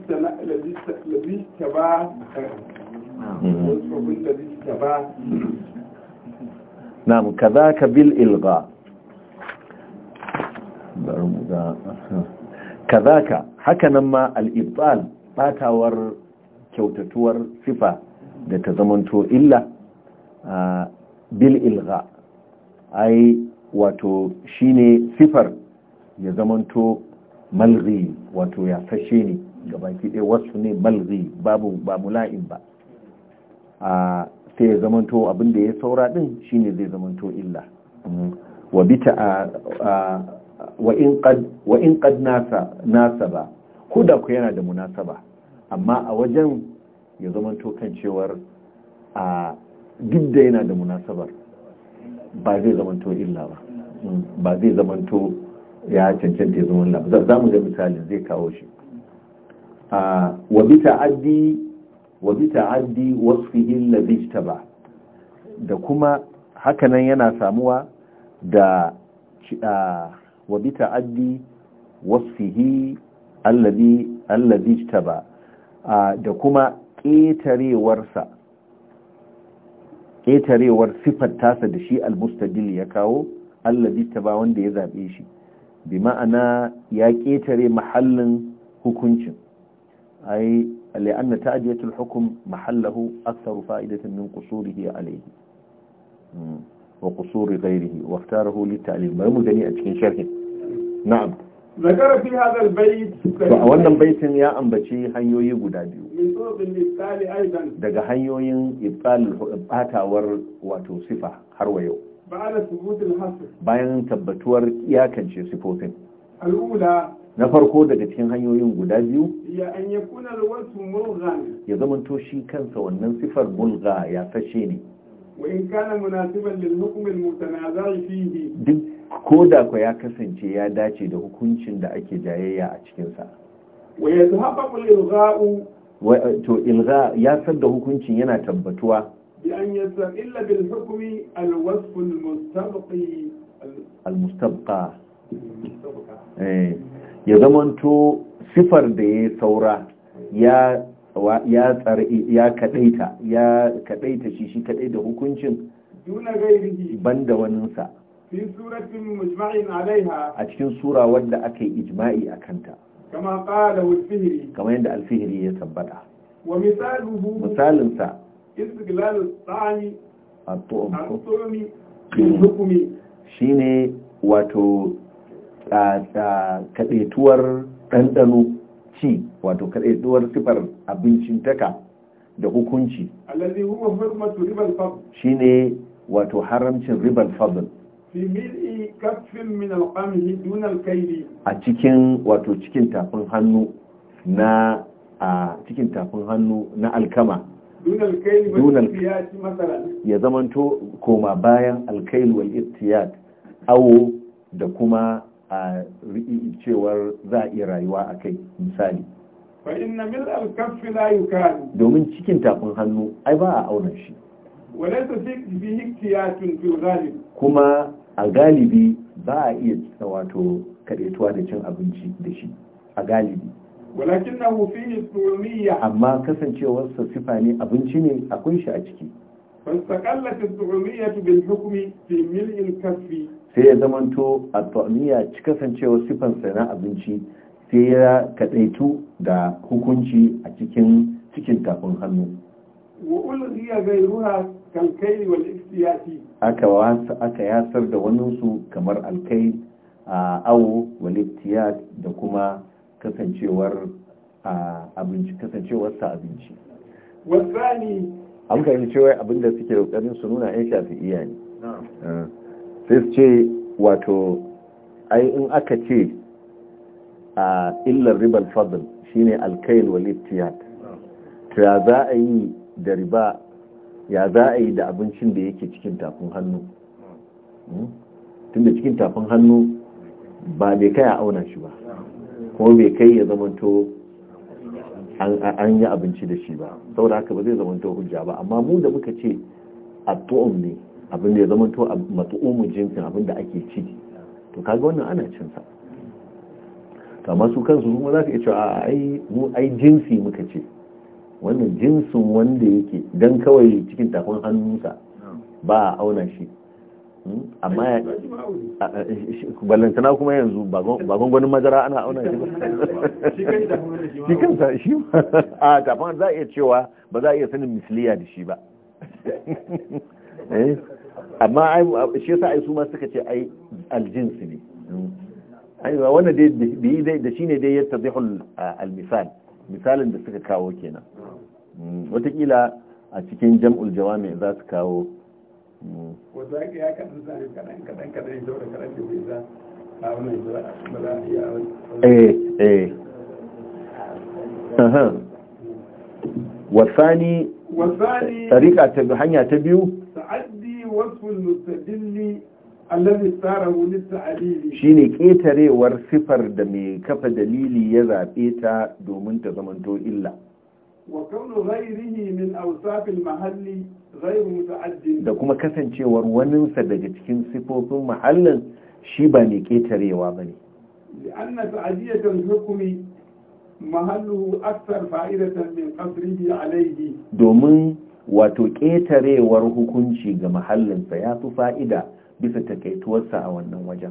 الذي اتبع وصفه الذي اتبع نعم كذاك بالإلغاء كذاك haka nan ma al'ibtal batawar kyautatuwar sifa da ta zamanto illa bil ilga ai wato shine sifar ya zamanto malghi wato ya fashe ne baki ɗaya wasu ne malghi babu ba mula'in ba a sai ya zamanto abin da ya saura din shine zai zamanto illa wa bita wa in qad wa in qad nasa nasaba ku yana da munasaba amma a wajen ya zamanto kan cewar a duk da yana da munasabar ba zai zamanto illa ba hmm, ba zai zamanto ya cancanta ya zama wannan za mu ga misalin zai kawo shi wa bi ta'addi wa bi ta'addi wasfihi da kuma hakanan yana samuwa da wa bi ta'addi wasfihi alladhi alladhi ba, da kuma ƙetarewarsa ƙetarewar sifar tasa da shi almustajil ya kawo alladhi ba wanda ya zaɓe shi bi ma'ana ya ƙetare mahallin hukuncin ai li'anna ta'jiyatul hukm mahallahu akthar fa'idatan min qusurihi alayhi hmm. wa qusuri ghayrihi wa ikhtarahu li ta'lil bari mu gani a cikin sharhi na'am zakara fi hadha albayt to a wannan baitin ya ambaci hanyoyi guda biyu daga hanyoyin ibtal batawar wato sifa har wa yau bayan tabbatuwar iyakance sifofin na farko daga cikin hanyoyin guda biyu ya zamanto shi kansa wannan sifar bulga ya fashe ne ko da ku ya kasance ya dace da hukuncin da ake jayayya a cikinsa to ilga ya sadda hukuncin yana tabbatuwa بأن يستقل بالحكم الوصف المستبقي المستبقى ya zamanto sifar da ya saura ya ya kadaita ya kadaita shi shi kadai da hukuncin banda waninsa a cikin sura wadda aka yi ijma'i a kanta kama yadda alfihiri ya tabbata misalinsa istiglal tsani shine wato kaɗaituwar ɗanɗano ci wato kaɗaituwar sifar abincin taka da hukunci shine wato haramcin ribar fadl a cikin wato cikin tafin hannu na a cikin tafin hannu na alkama dunan ya zamanto koma bayan alkail wal ittiyat awo da kuma a cewar za a iya rayuwa a kai misali domin cikin tafin hannu ai ba a auna shi kuma a galibi ba a iya wato kaɗaituwa da cin abinci da shi a galibi ولكنه فيه الطعومية أما كسن شيء وصف صفاني أبنشني أكون شيء أشكي فاستقلت الطعومية بالحكم في ملء الكف sai ya zamanto a tuwaniya ci kasancewar siffansa na abinci sai ya kadaitu da hukunci a cikin cikin tafin hannu aka wasu aka yasar da waninsu kamar alkai a awo walittiyat da kuma kasancewar abinci sa abinci an fahimci cewa abinda suke kokarin su nuna yan shafi ne ah. sai su ce wato ai in aka ce a illar ribar fadl shine alkail walittiyat to ya za a yi da riba ya za a yi da abincin da yake cikin tafin hannu hmm? tunda cikin tafin hannu ba bai kai a auna shi ba kuma bai kai ya zamanto an yi abinci da shi ba saboda haka ba zai zamanto hujja ba amma mu da muka ce a tu'um ne abin da ya zamanto a matu'umu jinsin abin da ake ci to kaga wannan ana cin sa to amma su kansu kuma za ka iya cewa ai mu ai jinsi muka ce wannan jinsin wanda yake dan kawai cikin tafin hannunsa ba a auna shi amma ballantana kuma yanzu ba gwangwanin madara ana auna shi ba shi kansa shi a tafan za a iya cewa ba za a iya sanin misliya da shi ba eh? amma shi yasa ai su ma suka ce ai aljinsu ne aiwa wannan dai da shi ne dai yadda zai al-misal misalin da suka kawo kenan ah. hmm, watakila a cikin jam'ul jawami za su kawo wato ake ya kan sa ne kadan kadan kadan da kadan da bai za a wannan ba za a iya eh eh aha wasani wasani tarika ta hanya ta biyu ta'addi wasful mustadilli allazi sarahu lit Shi shine ketarewar sifar da mai kafa dalili ya zabe ta domin ta zamanto illa وكون غيره من أوصاف المحل غير متعدد da kuma kasancewar waninsa daga cikin sifofin muhallin shi ba ne ketarewa ba ne لأن سعدية الحكم mahallu aksar fa'idatan min qasrihi alayhi domin wato ƙetarewar hukunci ga mahallinsa ya fi fa'ida bisa takaituwarsa a wannan wajen.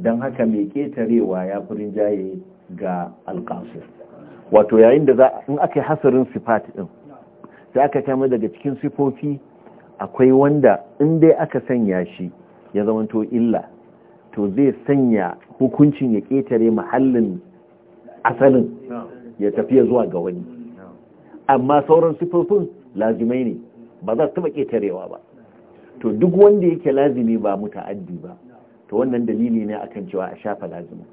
Don haka mai ƙetarewa ya fi rinjaye ga alƙasir. wato yayin da za in aka yi hasarin sifat din sai aka kama daga cikin sifofi akwai wanda in dai aka sanya shi ya zamanto illa to zai sanya hukuncin ya ƙetare mahallin asalin ya tafiya zuwa ga wani amma sauran sifofin lazimai ne ba za su taɓa ƙetarewa ba to duk wanda yake lazimi ba muta'addi ba to wannan dalili ne akan cewa a shafa lazimi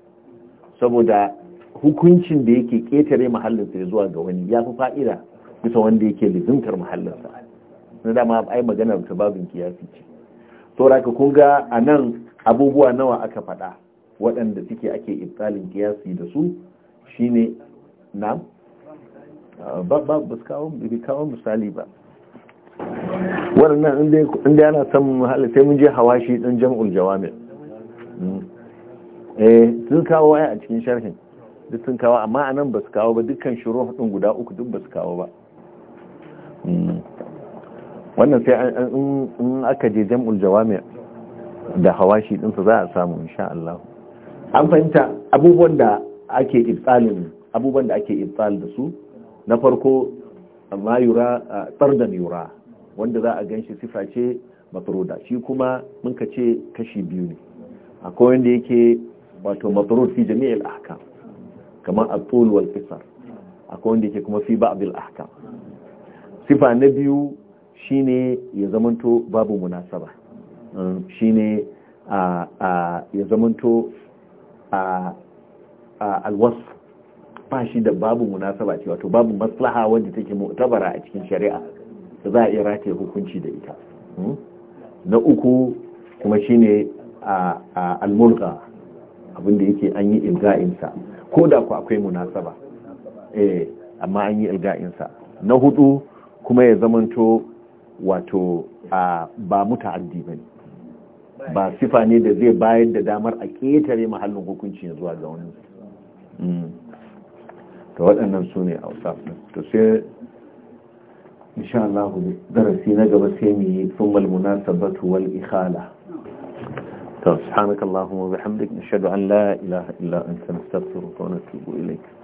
saboda hukuncin da yake ƙetare mahallinsa ya zuwa ga wani ya fi fa'ida bisa wanda yake lizimtar mahallinsa na dama ai magana ta babin kiyasi ce saboda ka kun ga a nan abubuwa nawa aka faɗa waɗanda suke ake ibtalin kiyasi da su shine na ah, ba ba kawo misali ba waɗannan inda yana son hali sai mun je hawashi ɗin jam'ul jawami hmm. eh sun kawo waya a cikin sharhin duk sun kawo amma anan ba su kawo ba dukkan shirin hudun guda uku duk ba su kawo ba hmm. wannan sai in aka je jam'ul jawami da hawashi su za a samu insha Allah an fahimta abubuwan da ake ibtalin abubuwan da ake da su na farko amma yura tsardan yura wanda za a ganshi sifa ce matruda shi kuma mun ka ce kashi biyu ne akwai wanda yake wato matrud fi jami'il ahkam kamar atul wal qisar akwai wanda yake kuma fi ba'd ahkam sifa na biyu shine ya zamanto babu munasaba um, shine a ya zamanto a alwasf ba shi da babu munasaba ce wato babu maslaha wanda take mu'tabara a cikin shari'a da za a iya rataye hukunci da ita hmm? na uku kuma shine a almulga abinda yake an yi ilga'insa ko da ku akwai munasaba eh amma an yi ilga'insa na hudu kuma ya zamanto wato ba muta'addi ba ne ba sifa ne da zai bayar da damar a ƙetare mahallin hukunci zuwa ga wani hmm. ta waɗannan su ne a wasafin to sai insha Allah darasi na gaba sai mu yi tsummal munasabatu wal ikhala طيب، سبحانك اللهم وبحمدك نشهد أن لا إله إلا أنت نستغفرك ونتوب إليك